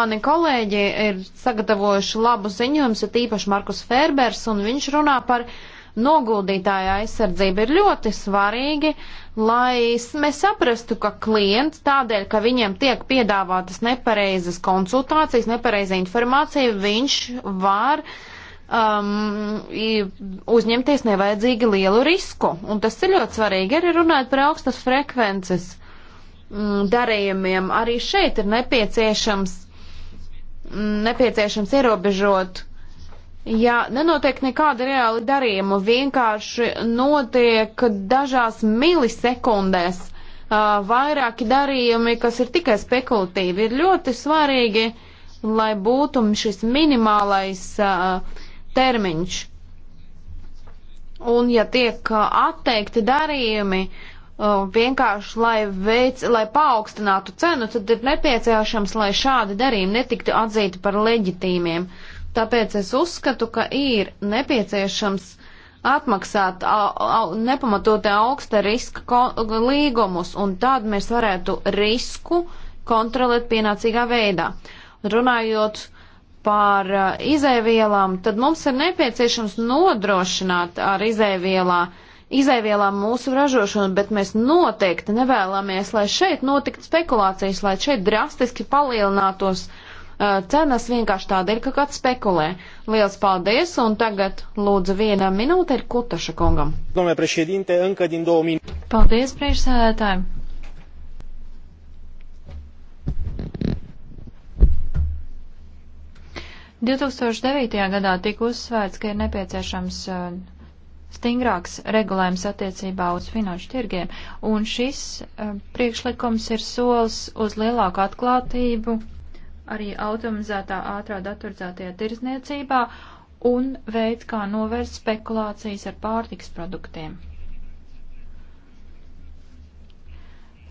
Mani kolēģi ir sagatavojuši labu ziņojumu, ir tīpaši Markus Ferbers, un viņš runā par uh, noguldītāja aizsardzība ir ļoti svarīgi, lai mēs saprastu, ka klients tādēļ, ka viņiem tiek piedāvātas nepareizas konsultācijas, nepareiza informācija, viņš var um, uzņemties nevajadzīgi lielu risku. Un tas ir ļoti svarīgi arī runājot par augstas frekvences mm, darījumiem. Arī šeit ir nepieciešams, mm, nepieciešams ierobežot Ja nenotiek nekāda reāla darījuma, vienkārši notiek dažās milisekundēs uh, vairāki darījumi, kas ir tikai spekulatīvi, ir ļoti svarīgi, lai būtu šis minimālais uh, termiņš. Un ja tiek uh, atteikti darījumi, vienkārši, lai, veic, lai paaugstinātu cenu, tad ir nepieciešams, lai šādi darījumi netiktu atzīti par leģitīmiem. Uh, Tāpēc es uzskatu, ka ir nepieciešams atmaksāt au, au, nepamatotē augsta riska līgumus, un tad mēs varētu risku kontrolēt pienācīgā veidā. Runājot par uh, izēvielām, tad mums ir nepieciešams nodrošināt ar izēvielā, izēvielām mūsu ražošanu, bet mēs noteikti nevēlamies, lai šeit notiktu spekulācijas, lai šeit drastiski palielinātos uh, Eh, cenas vienkārši tādēļ, ka kāds spekulē. Liels paldies, un tagad lūdzu viena minūte ir Kutaša kungam. Paldies, priekšsēdētāji! gadā tika uzsvērts, ka ir nepieciešams eh, stingrāks regulējums attiecībā uz finanšu tirgiem, un šis eh, priekšlikums ir solis uz lielāku atklātību arī automatizētā ātrā datorizētajā tirzniecībā un veids, kā novērst spekulācijas ar pārtiks produktiem.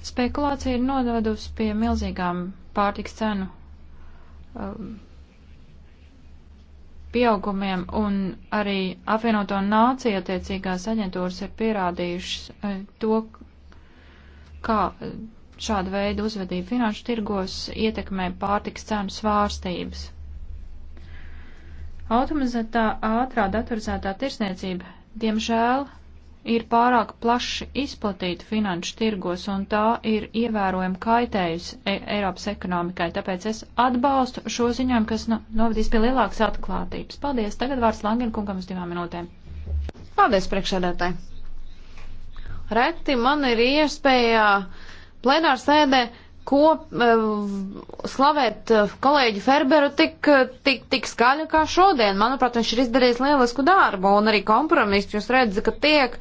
Spekulācija ir nododusi pie milzīgām pārtiks cenu um, pieaugumiem, un arī apvienoto nāciju attiecīgās aģentūras ir pierādījušas uh, to, kā uh, šāda veida uzvedība finanšu tirgos ietekmē pārtiks cenu svārstības. Automatizētā ātrā datorizētā tirsniecība, diemžēl, ir pārāk plaši izplatīta finanšu tirgos, un tā ir ievērojami kaitējusi e Eiropas ekonomikai. Tāpēc es atbalstu šo ziņojumu, kas no novadīs pie lielākas atklātības. Paldies! Tagad vārds Langenkungam uz divām minūtēm. Paldies, priekšsēdētāji! Reti man ir iespēja uh, plenāra sēdē ko eh, slavēt eh, kolēģi Ferberu tik, eh, tik, tik skaļi kā šodien. Manuprāt, viņš ir izdarījis lielisku darbu un arī kompromisu. Jūs redzat, ka tiek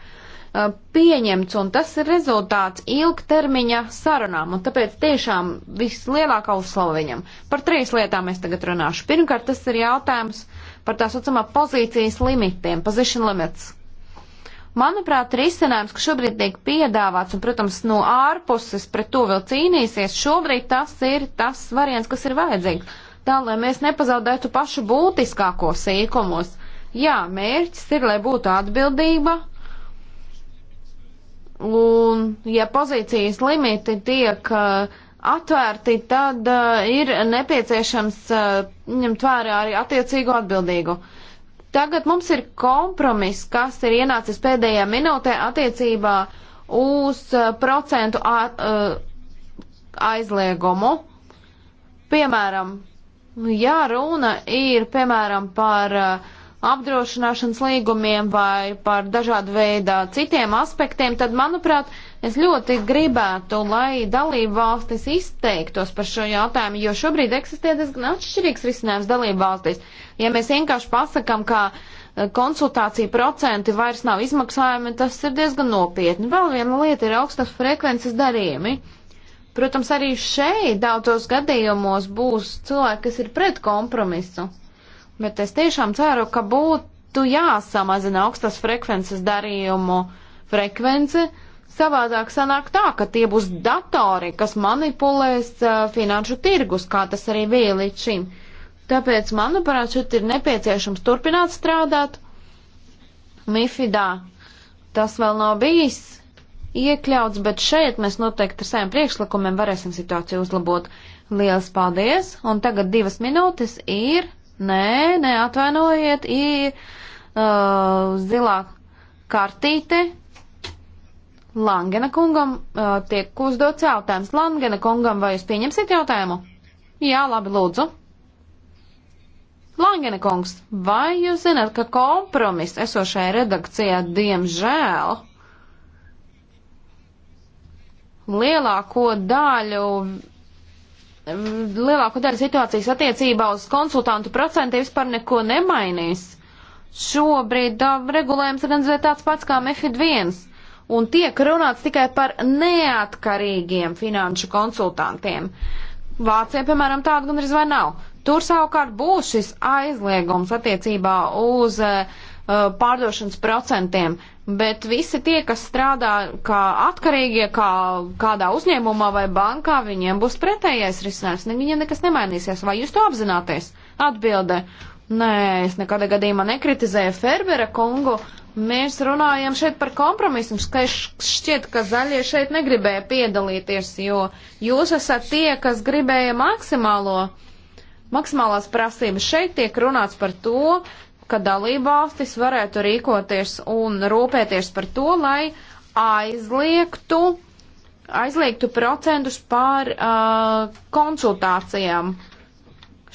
pieņemts un tas ir rezultāts ilgtermiņa sarunām. Un tāpēc tiešām vislielākā uzslava viņam. Par trīs lietām es tagad runāšu. Pirmkārt, tas ir jautājums par tā saucamā pozīcijas limitiem, position limits. Manuprāt, risinājums, kas šobrīd tiek piedāvāts, un, protams, no ārpuses pret to vēl cīnīsies, šobrīd tas ir tas variants, kas ir vajadzīgs. Tā, lai mēs nepazaudētu pašu būtiskāko sīkumos. Jā, mērķis ir, lai būtu atbildība, un ja pozīcijas limiti tiek uh, atvērti, tad uh, ir nepieciešams uh, ņemt vērā arī attiecīgo atbildīgu. Uh, Tagad mums ir kompromiss, kas ir ienācis pēdējā minūtē attiecībā uz uh, procentu uh, aizliegumu. Piemēram, ja runa ir piemēram par uh, apdrošināšanas līgumiem vai par dažādu veidā citiem aspektiem, tad, manuprāt, uh, Es ļoti gribētu, lai dalību valstis izteiktos par šo jautājumu, jo šobrīd eksistē diezgan atšķirīgs risinājums dalību valstīs. Ja mēs vienkārši pasakam, ka e, konsultācija procenti vairs nav izmaksājumi, tas ir diezgan nopietni. Vēl viena lieta ir augstas frekvences darījumi. Protams, arī šeit daudzos gadījumos būs cilvēki, kas ir pret kompromisu. Bet es tiešām ceru, ka būtu jāsamazina augstas frekvences darījumu frekvence Savādāk sanāk tā, ka tie būs datori, kas manipulēs uh, finanšu tirgus, kā tas arī bija līdz šim. Tāpēc, manuprāt, šeit ir nepieciešams turpināt strādāt. Mifidā tas vēl nav bijis iekļauts, bet šeit mēs noteikti ar saviem priekšlikumiem varēsim situāciju uzlabot. Lielas paldies! Un tagad divas minūtes ir, nē, neatvainojiet, ir uh, zilā kartīte Langena kungam uh, tiek uzdots jautājums. Langena kungam, vai jūs pieņemsiet jautājumu? Jā, labi, lūdzu. Langena kungs, vai jūs zināt, ka kompromiss esošajā redakcijā, diemžēl, lielāko daļu, lielāko daļu situācijas attiecībā uz konsultantu procentiem vispār neko nemainīs? Šobrīd uh, regulējums ir gan tāds pats kā MFID 1 un tiek runāts tikai par neatkarīgiem finanšu konsultantiem. Vācijā, piemēram, tāda gandrīz vai nav. Tur savukārt būs šis aizliegums attiecībā uz uh, pārdošanas procentiem, bet visi tie, kas strādā kā atkarīgie, kā kādā uzņēmumā vai bankā, viņiem būs pretējais risinājums, viņiem nekas nemainīsies. Vai jūs to apzināties? Atbilde. Nē, es nekādā gadījumā nekritizēju Ferbera kungu. Mēs runājam šeit par kompromisu. Šķiet, ka zaļie šeit negribēja piedalīties, jo jūs esat tie, kas gribēja maksimālo, maksimālās prasības. Šeit tiek runāts par to, ka dalībvalstis varētu rīkoties un rūpēties par to, lai aizliegtu, aizliegtu procentus pār uh, konsultācijām. Uh,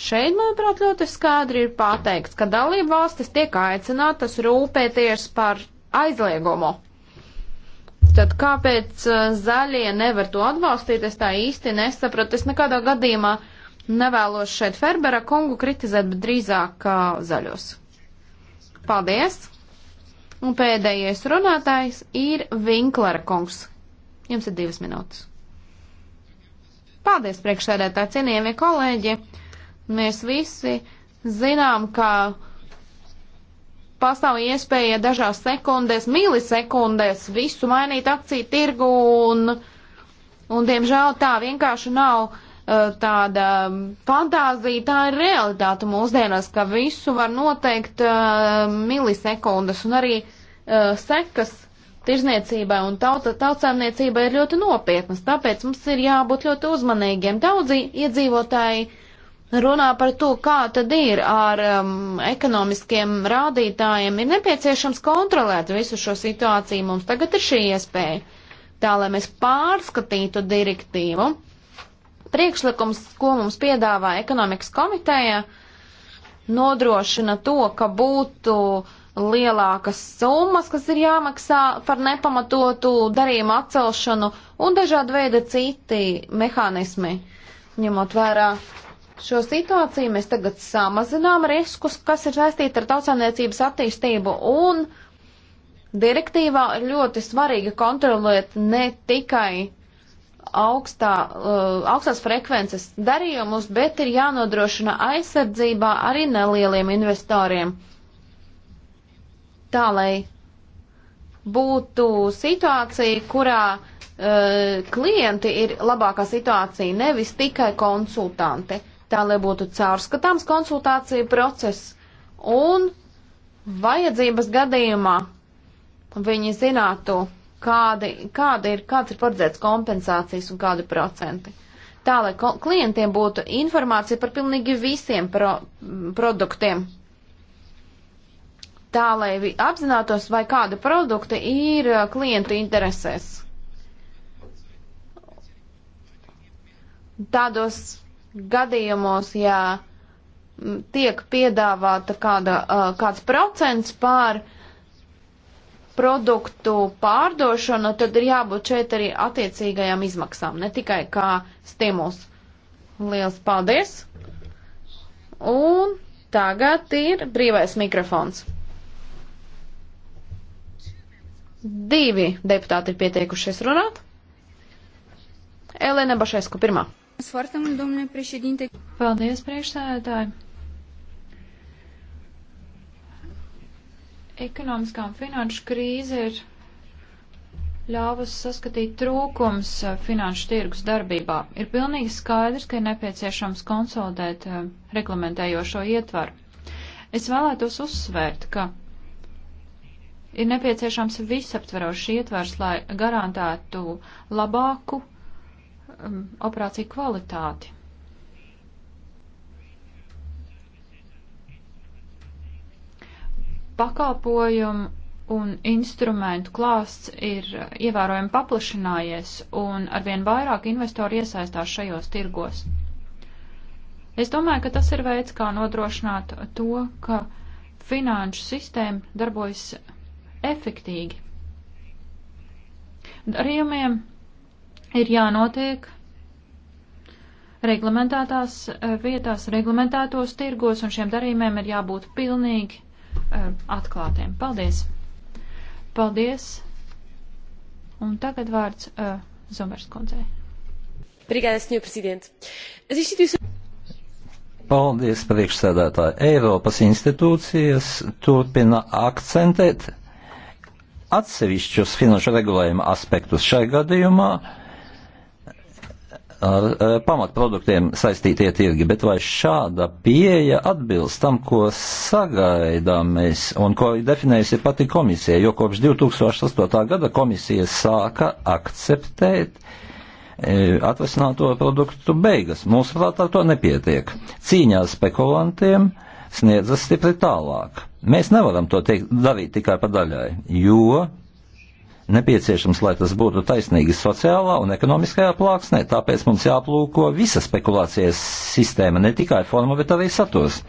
Šeit, manuprāt, ļoti skaidri ir pateikts, ka dalība valstis tiek aicinātas rūpēties par aizliegumu. Tad kāpēc eh, zaļie nevar to atbalstīt, es tā īsti nesapratu. Es nekādā gadījumā nevēlos šeit Ferbera kungu kritizēt, bet drīzāk uh, zaļos. Paldies! Un pēdējais runātājs ir Vinklera kungs. Jums ir divas minūtes. Paldies, priekšsēdētāji, cienījamie kolēģi! Mēs visi zinām, ka pastāv iespēja dažās sekundēs, milisekundēs visu mainīt akciju tirgu un, un diemžēl tā vienkārši nav uh, tāda um, fantāzija, tā ir realitāte mūsdienās, ka visu var noteikt uh, milisekundes un arī uh, sekas tirzniecībai un tauta, tautsēmniecībai ir ļoti nopietnas, tāpēc mums ir jābūt ļoti uzmanīgiem. Daudzi iedzīvotāji uh, runā par to, kā tad ir ar um, ekonomiskiem rādītājiem, ir nepieciešams kontrolēt visu šo situāciju. Mums tagad ir šī iespēja. Tā, lai mēs pārskatītu direktīvu, priekšlikums, ko mums piedāvā ekonomikas komiteja, nodrošina to, ka būtu lielākas summas, kas ir jāmaksā par nepamatotu darījumu atcelšanu un dažādi veidi citi mehānismi, ņemot vērā uh, šo situāciju mēs tagad samazinām riskus, kas ir saistīti ar tautsāniecības attīstību, un direktīvā ir ļoti svarīgi kontrolēt ne tikai augstā, uh, augstās frekvences darījumus, bet ir jānodrošina aizsardzībā arī nelieliem investoriem. Tā lai būtu situācija, kurā uh, klienti ir labākā situācija, nevis tikai konsultanti tā lai būtu caurskatāms konsultācija process un vajadzības gadījumā viņi zinātu, kādi, kāda ir, kāds ir paredzēts kompensācijas un kādi procenti. Tā, lai klientiem būtu informācija par pilnīgi visiem pro produktiem. Tā, lai apzinātos, vai kāda produkta ir uh, klientu interesēs. Tādos gadījumos, ja tiek piedāvāta kāda, kāds procents pār produktu pārdošanu, tad ir jābūt šeit arī attiecīgajām izmaksām, ne tikai kā stimuls. Liels paldies! Un tagad ir brīvais mikrofons. Divi deputāti ir pieteikušies runāt. Elena Bašesku pirmā. Paldies, priekšsēdētāji! Ekonomiskā un finanšu krīze ir ļāvusi saskatīt trūkums eh, finanšu tirgus darbībā. Ir pilnīgi skaidrs, ka ir nepieciešams konsolidēt eh, reglamentējošo ietvaru. Es vēlētos uzsvērt, ka ir nepieciešams visaptverošs ietvers, lai garantētu labāku um, operāciju kvalitāti. Pakalpojumu un instrumentu klāsts ir ievērojami paplašinājies, un arvien vairāk investori iesaistās šajos tirgos. Es domāju, ka tas ir veids, kā nodrošināt to, ka finanšu sistēma darbojas efektīgi. Darījumiem ir jānotiek reglamentētās eh, vietās, reglamentētos tirgos, un šiem darījumiem ir jābūt pilnīgi eh, atklātiem. Paldies! Paldies! Un tagad vārds uh, Zomers kundzei. Brigāda, senjor prezident. Paldies, priekšsēdētāji. Eiropas institūcijas turpina akcentēt atsevišķus finanšu regulējuma aspektus šai gadījumā ar uh, pamatproduktiem saistītie tirgi, bet vai šāda pieeja atbilst tam, ko sagaidām mēs un ko definējusi pati komisija, jo kopš 2008. gada komisija sāka akceptēt uh, e, atvesināto produktu beigas. Mūsuprāt, ar to nepietiek. Cīņā spekulantiem sniedzas stipri tālāk. Mēs nevaram to tiek, darīt tikai pa daļai, jo nepieciešams, lai tas būtu taisnīgi sociālā un ekonomiskajā plāksnē, tāpēc mums jāplūko visa spekulācijas sistēma, ne tikai forma, bet arī saturs.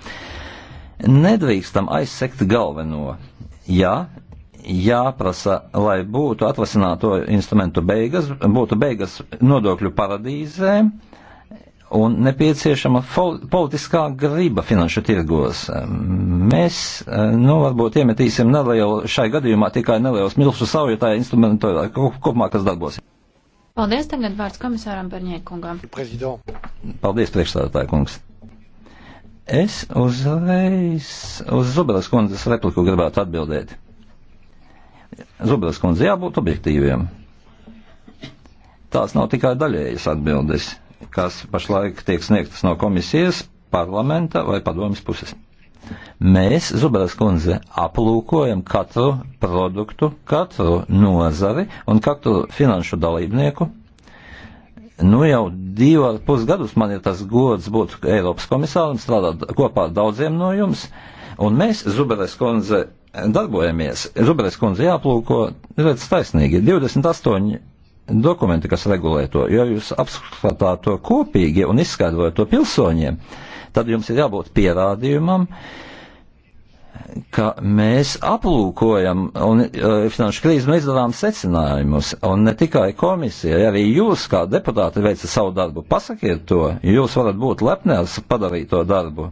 Nedrīkstam aizsekt galveno. Jā, jāprasa, lai būtu atvasināto instrumentu beigas, būtu beigas nodokļu paradīzēm, uh, un nepieciešama politiskā griba finanšu tirgos. Mēs, nu, varbūt iemetīsim nelielu, šai gadījumā tikai nelielu smilšu savu, ja tā instrumentu kopumā, kas darbos. Paldies, tagad vārds komisāram Barņiekungam. Paldies, priekšstādātāja kungs. Es uzreiz uz Zubeles kundzes repliku gribētu atbildēt. Zubeles kundze jābūt objektīviem. Tās nav tikai daļējas atbildes kas pašlaik tiek sniegtas no komisijas, parlamenta vai padomjas puses. Mēs, Zubaras kundze, aplūkojam katru produktu, katru nozari un katru finanšu dalībnieku. Nu jau divu ar pus gadus man ir tas gods būt Eiropas komisāram, strādāt kopā ar daudziem no jums, un mēs, Zubaras kundze, darbojamies. Zubaras kundze jāplūko, redz taisnīgi, 28 dokumenti, kas regulē to. Ja jūs apskatāt to kopīgi un izskaidrojat to pilsoņiem, tad jums ir jābūt pierādījumam, ka mēs aplūkojam un uh, finanšu krīzi mēs darām secinājumus, un ne tikai komisija, ja arī jūs kā deputāti veicat savu darbu, pasakiet to, jūs varat būt lepni ar padarīto darbu.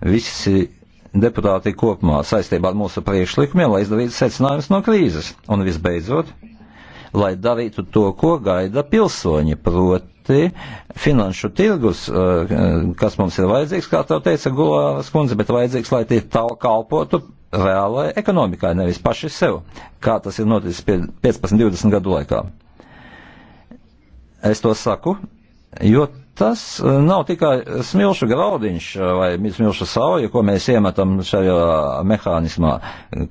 Visi deputāti kopumā saistībā ar mūsu priekšlikumiem, lai izdarītu secinājumus no krīzes. Un visbeidzot, lai darītu to, ko gaida pilsoņi, proti finanšu tirgus, uh, kas mums ir vajadzīgs, kā to teica Gulāras kundze, bet vajadzīgs, lai tie tālu kalpotu reālai ekonomikai, nevis paši sev, kā tas ir noticis 15-20 gadu laikā. Es to saku, jo Tas eh, nav tikai smilšu graudiņš eh, vai smilšu sauja, ko mēs iemetam šajā mehānismā,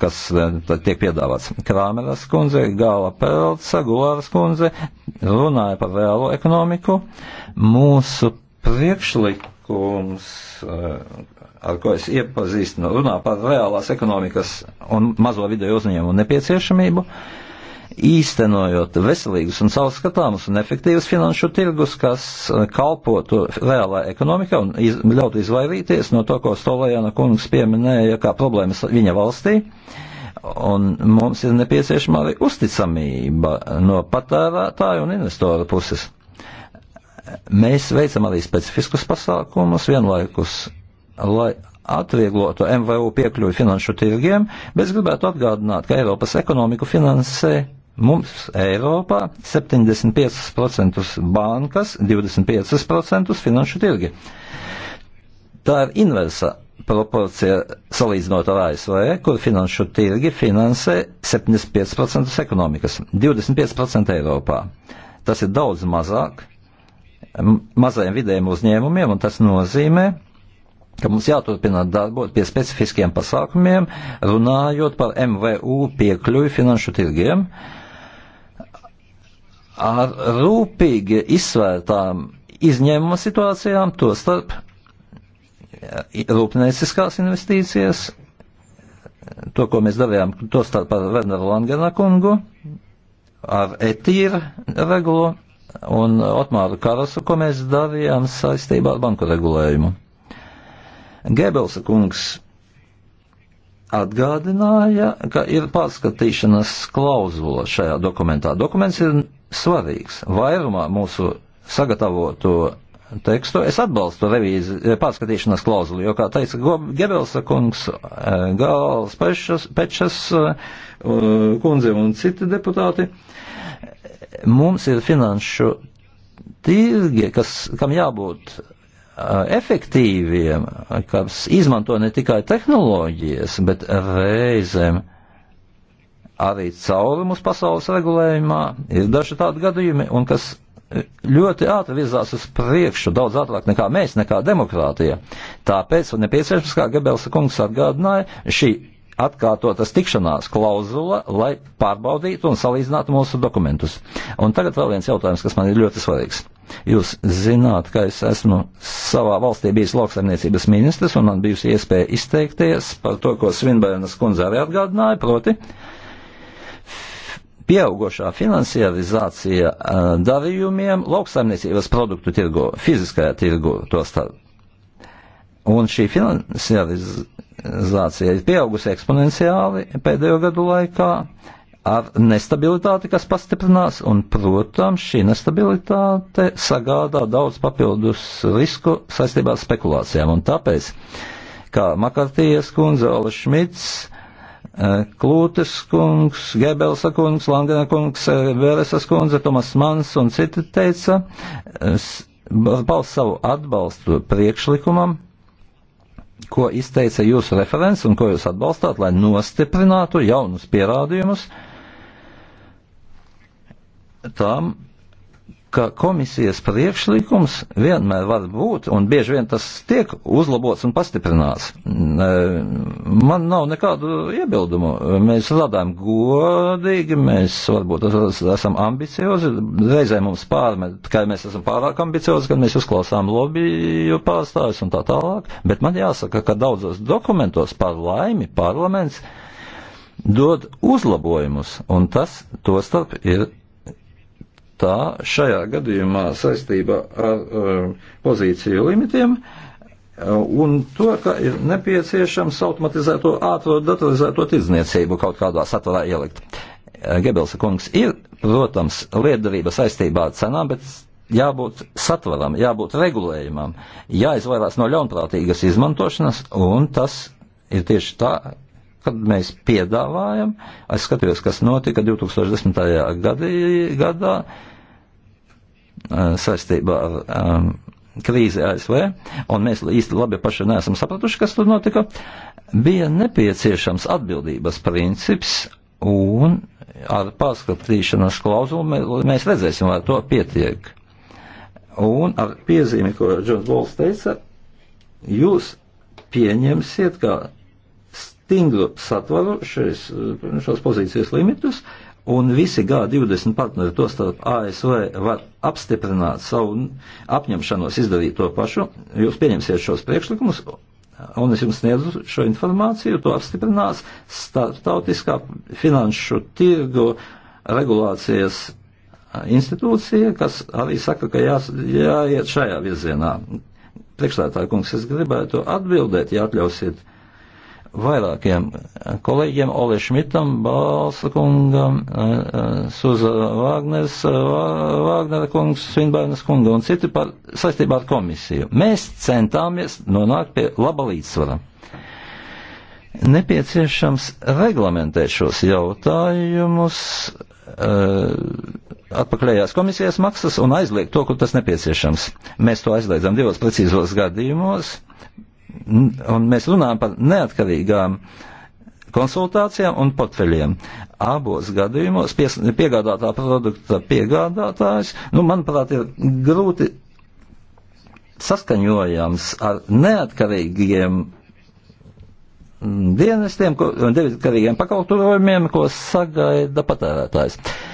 kas eh, tiek piedāvāts. Krāmeras kundze, Gala Pelca, Goras kundze runāja par reālo ekonomiku. Mūsu priekšlikums, ar ko es iepazīstinu, runā par reālās ekonomikas un mazo video uzņēmumu nepieciešamību. Uh, īstenojot veselīgus un caurskatāmus un efektīvus finanšu tirgus, kas eh, kalpotu reālā ekonomika un iz, ļautu izvairīties no to, ko Stolajana kungs pieminēja kā problēmas viņa valstī. Un mums ir nepieciešama arī uzticamība no patērētāju un investoru puses. Mēs veicam arī specifiskus pasākumus vienlaikus, lai atvieglotu MVU piekļuvi finanšu tirgiem, bet gribētu atgādināt, ka Eiropas ekonomiku finansē Mums Eiropā 75% bankas, 25% finanšu tirgi. Tā ir inversa proporcija salīdzinot ar ASV, kur finanšu tirgi finansē 75% ekonomikas, 25% Eiropā. Tas ir daudz mazāk mazajiem vidējiem uzņēmumiem, un tas nozīmē, ka mums jāturpina darbot pie specifiskiem pasākumiem, runājot par MVU piekļuvi finanšu tirgiem. Uh, ar rūpīgi izsvērtām izņēmuma situācijām, to starp e, rūpnieciskās investīcijas, to, ko mēs darījām, to starp ar Werneru Langena kungu, ar etīru regulu un Otmāru Karasu, ko mēs darījām saistībā ar banku regulējumu. Gebelsa kungs atgādināja, ka ir pārskatīšanas klauzula šajā dokumentā. Dokuments ir svarīgs. Vairumā mūsu sagatavoto tekstu es atbalstu revīzi eh, pārskatīšanas klauzuli, jo, kā teica Gebelsa kungs, eh, Gāls Pečas, Pečas eh, kundze un citi deputāti, mums ir finanšu tirgi, kas, kam jābūt efektīviem, kas izmanto ne tikai tehnoloģijas, bet reizēm uh, Arī caurumus pasaules regulējumā ir daži tādi gadījumi, un kas eh, ļoti ātri virzās uz priekšu, daudz ātrāk nekā mēs, nekā demokrātija. Tāpēc ir nepieciešams, kā Gebelsa kungs atgādināja, šī atkārtotas tikšanās klauzula, lai pārbaudītu un salīdzinātu mūsu dokumentus. Un tagad vēl viens jautājums, kas man ir ļoti svarīgs. Jūs zināt, ka es esmu savā valstī bijis lauksaimniecības ministrs, un man bijusi iespēja izteikties par to, ko Svinbērnas kundze arī atgādināja, proti, uh, pieaugošā finansializācija darījumiem lauksaimniecības produktu tirgu, fiziskajā tirgu to starp. Un šī finansializācija ir pieaugusi eksponenciāli pēdējo gadu laikā ar nestabilitāti, kas pastiprinās, un, protams, šī nestabilitāte sagādā daudz papildus risku saistībā ar spekulācijām. Un tāpēc, kā Makartijas kundze, Ola Šmits, Klūtes kungs, Gebelsa kungs, Langena kungs, Veresas kundze, Tomas Mans un citi teica, balst savu atbalstu priekšlikumam, ko izteica jūsu referents un ko jūs atbalstāt, lai nostiprinātu jaunus pierādījumus tam, ka komisijas priekšlikums vienmēr var būt, un bieži vien tas tiek uzlabots un pastiprināts. E, man nav nekādu iebildumu. Mēs strādājam godīgi, mēs varbūt esam ambiciozi, reizē mums pārmet, ka mēs esam pārāk ambiciozi, kad mēs uzklausām lobiju pārstāvis un tā tālāk, bet man jāsaka, ka daudzos dokumentos par laimi parlaments dod uzlabojumus, un tas to starp ir tā šajā gadījumā saistībā ar uh, pozīciju limitiem eh, un to, ka ir nepieciešams automatizēto ātro datalizēto tirdzniecību kaut kādā satvarā ielikt. Eh, Gebelsa kungs ir, protams, lietdarība saistībā ar cenām, bet jābūt satvaram, jābūt regulējumam, jāizvairās no ļaunprātīgas izmantošanas, un tas ir tieši tā, kad mēs piedāvājam, es skatījos, kas notika 2010. Gadī, gadā, Uh, saistībā ar um, krīzi ASV, un mēs īsti labi paši neesam sapratuši, kas tur notika, bija nepieciešams atbildības princips un ar pārskatīšanas klauzulu mēs redzēsim, vai to pietiek. Un ar piezīmi, ko Džons Bols teica, jūs pieņemsiet kā stingru satvaru šis, šos pozīcijas limitus, uh, un visi G20 partneri, tostarp ASV, var apstiprināt savu apņemšanos izdarīt to pašu. Jūs pieņemsiet šos priekšlikumus, un es jums sniedzu šo informāciju, to apstiprinās starptautiskā finanšu tirgu regulācijas institūcija, kas arī saka, ka jās, jāiet šajā virzienā. Priekšlētāji kungs, es gribētu atbildēt, ja atļausiet vairākiem kolēģiem, Ole Šmitam, Balsa kungam, eh, eh, Suza Vāgners, eh, Vāgnera kungs, Svinbērnas kunga un citi par, saistībā ar komisiju. Mēs centāmies nonākt pie laba līdzsvara. Nepieciešams reglamentēt šos jautājumus atpakaļējās komisijas maksas un aizliegt to, kur tas nepieciešams. Mēs to aizliedzam divos precīzos gadījumos un mēs runājam par neatkarīgām konsultācijām un portfeļiem. Abos gadījumos pies, piegādātā produkta piegādātājs, nu, manuprāt, ir grūti saskaņojams ar neatkarīgiem dienestiem, neatkarīgiem pakalpojumiem, ko sagaida patērētājs. Uh,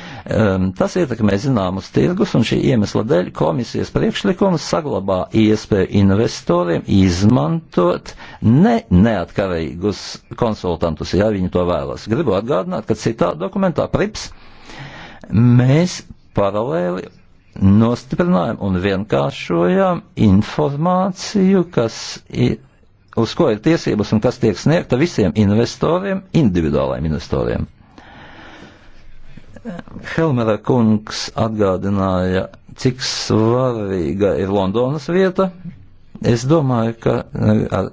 Tas ietekmē zināmus tirgus, un šī iemesla dēļ komisijas priekšlikums saglabā iespēju investoriem izmantot ne neatkarīgus konsultantus, ja viņi to vēlas. Gribu atgādināt, ka citā dokumentā prips mēs paralēli nostiprinājām un vienkāršojām informāciju, kas ir, uz ko ir tiesības un kas tiek sniegta visiem investoriem, individuālajiem investoriem. Helmera kungs atgādināja, cik svarīga ir Londonas vieta. Es domāju, ka e, ar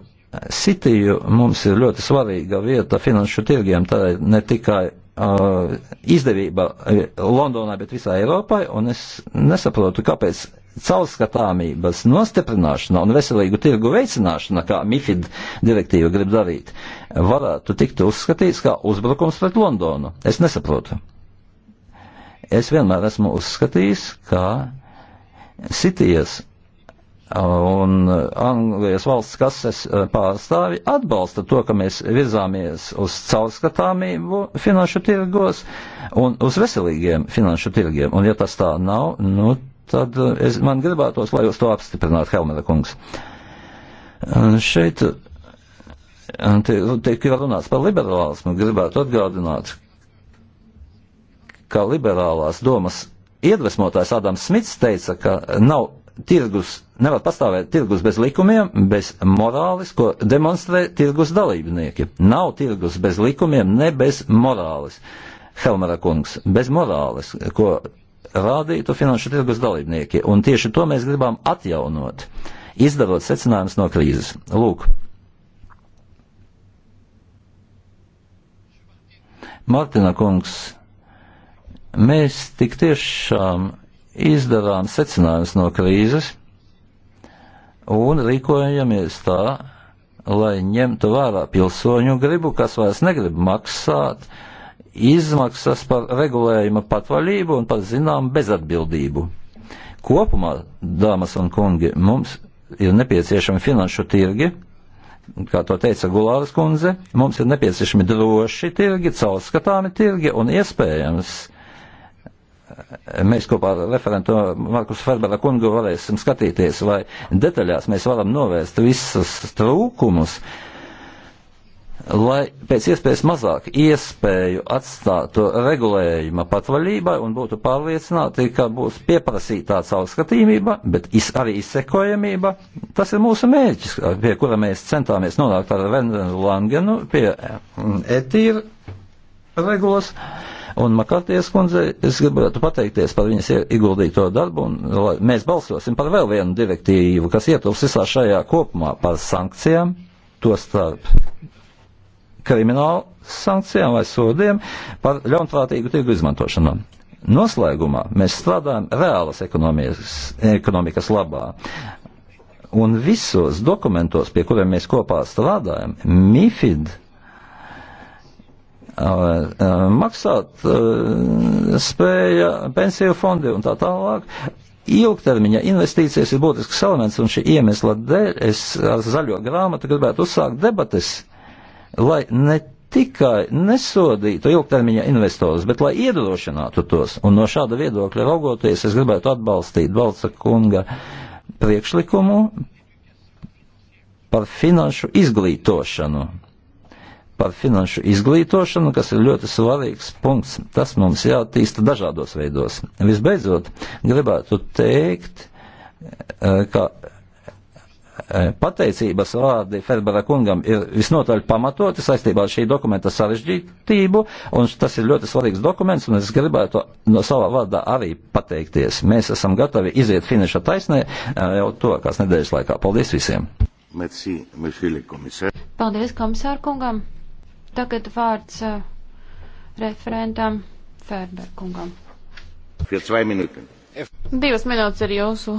Sitiju mums ir ļoti svarīga vieta finanšu tirgiem, tā ir ne tikai uh, izdevība e, Londonā, bet visā Eiropai, un es nesaprotu, kāpēc caurskatāmības nostiprināšana un veselīgu tirgu veicināšana, kā MIFID direktīva grib darīt, varētu tikt uzskatīts kā uzbrukums pret Londonu. Es nesaprotu. Es vienmēr esmu uzskatījis, ka Sitijas un Anglijas valsts kases pārstāvi atbalsta to, ka mēs virzāmies uz caurskatāmību finanšu tirgos un uz veselīgiem finanšu tirgiem. Un ja tas tā nav, nu, tad es, man gribētos, lai jūs to apstiprinātu, Helmera kungs. Šeit nu, tiek runāts par liberālismu, gribētu atgādināt, ka liberālās domas iedvesmotājs Adams Smits teica, ka nav tirgus, nevar pastāvēt tirgus bez likumiem, bez morāles, ko demonstrē tirgus dalībnieki. Nav tirgus bez likumiem, ne bez morāles. Helmera kungs, bez morāles, ko rādītu finanšu tirgus dalībnieki. Un tieši to mēs gribam atjaunot, izdarot secinājumus no krīzes. Lūk. Martina kungs Mēs tik tiešām izdevām secinājumus no krīzes un rīkojamies tā, lai ņemtu vērā pilsoņu gribu, kas vairs negrib maksāt izmaksas par regulējuma patvaļību un par zinām bezatbildību. Kopumā, dāmas un kungi, mums ir nepieciešami finanšu tirgi, kā to teica Gulāras kundze, mums ir nepieciešami droši tirgi, caurskatāmi tirgi un iespējams uh, mēs kopā ar referentu Markus Ferbera kungu varēsim skatīties, vai detaļās mēs varam novērst visus trūkumus, lai pēc iespējas mazāk iespēju atstātu regulējuma patvaļībai un būtu pārliecināti, ka būs pieprasītā caurskatījumība, bet iz, arī izsekojamība. Tas ir mūsu mērķis, pie kura mēs centāmies nonākt ar Vendenu Langenu pie mm, etīra regulas. Uh, Un Makartijas kundzei es gribētu pateikties par viņas ieguldīto darbu, un lai, mēs balsosim par vēl vienu direktīvu, kas ietilps visā šajā kopumā par sankcijām, to starp kriminālu sankcijām vai sodiem par ļaunprātīgu tirgu izmantošanu. Noslēgumā mēs strādājam reālas ekonomikas, ekonomikas labā. Un visos dokumentos, pie kuriem mēs kopā strādājam, MIFID maksāt spēja pensiju fondi un tā tālāk. Ilgtermiņa investīcijas ir būtisks elements, un šī iemesla dēļ es ar zaļo grāmatu gribētu uzsākt debates, lai ne tikai nesodītu ilgtermiņa investorus, bet lai iedrošinātu tos. Un no šāda viedokļa raugoties, es gribētu atbalstīt Balca kunga priekšlikumu par finanšu izglītošanu par finanšu izglītošanu, kas ir ļoti svarīgs punkts. Tas mums jātīsta dažādos veidos. Visbeidzot, gribētu teikt, eh, ka eh, pateicības vārdi Ferbera kungam ir visnotaļ pamatoti saistībā ar šī dokumenta sarežģītību, un tas ir ļoti svarīgs dokuments, un es gribētu no savā vārdā arī pateikties. Mēs esam gatavi iziet finiša taisnē eh, jau to, kas nedēļas laikā. Paldies visiem! Merci, Paldies komisārkungam! Tagad vārds uh, referentam Ferberkungam. Divas minūtes ir jūsu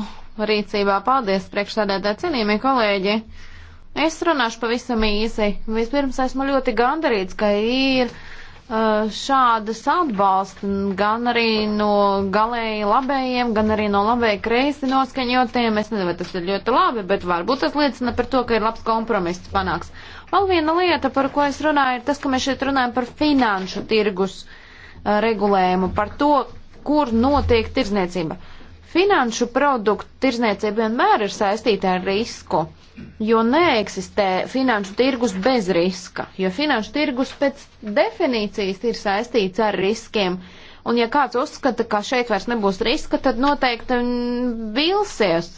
rīcībā. Paldies, priekšsēdētāji, cienījamie kolēģi. Es runāšu pavisam īsi. Vispirms esmu ļoti gandarīts, ka ir uh, šādas atbalsta gan arī no galēji labējiem, gan arī no labēji kreisi noskaņotiem. Es nezinu, vai tas ir ļoti labi, bet varbūt tas liecina par to, ka ir labs kompromiss panāks. Vēl viena lieta, par ko es runāju, ir tas, ka mēs šeit runājam par finanšu tirgus uh, regulējumu, par to, kur notiek tirzniecība. Finanšu produktu tirzniecība vienmēr ir saistīta ar risku, jo neeksistē finanšu tirgus bez riska, jo finanšu tirgus pēc definīcijas ir saistīts ar riskiem. Un ja kāds uzskata, ka šeit vairs nebūs riska, tad noteikti vilsies.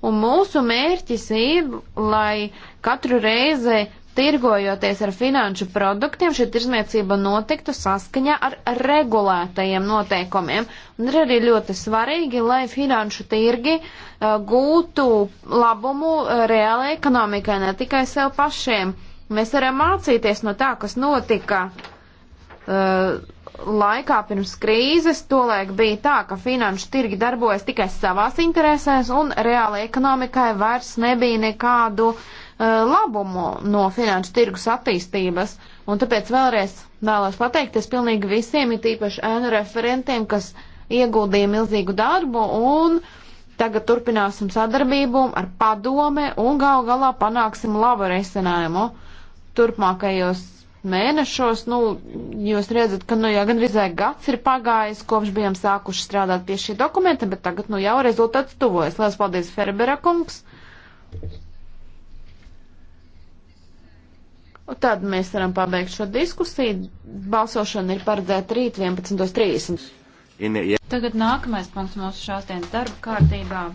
Un mūsu mērķis ir, lai katru reizi tirgojoties ar finanšu produktiem, šī tirzniecība notiktu saskaņā ar regulētajiem noteikumiem. Un ir arī ļoti svarīgi, lai finanšu tirgi uh, gūtu labumu uh, eh, reālai ekonomikai, ne tikai sev pašiem. Mēs varam mācīties no tā, kas notika. Uh, laikā pirms krīzes tolaik bija tā, ka finanšu tirgi darbojas tikai savās interesēs un reāli ekonomikai vairs nebija nekādu uh, Uh, labumu no finanšu tirgus attīstības. Un tāpēc vēlreiz vēlos pateikties pilnīgi visiem, it īpaši ēnu referentiem, kas ieguldīja milzīgu darbu un tagad turpināsim sadarbību ar padome un gal galā panāksim labu risinājumu turpmākajos mēnešos, nu, jūs redzat, ka, nu, jau gandrīz gads ir pagājis, kopš bijām sākuši strādāt pie šī dokumenta, bet tagad, nu, jau rezultāts tuvojas. Lielas paldies, Ferbera kungs! Un tad mēs varam pabeigt šo diskusiju. Balsošana ir paredzēta rīt 11.30. Tagad nākamais punkts mūsu šās dienas darba kārtībā.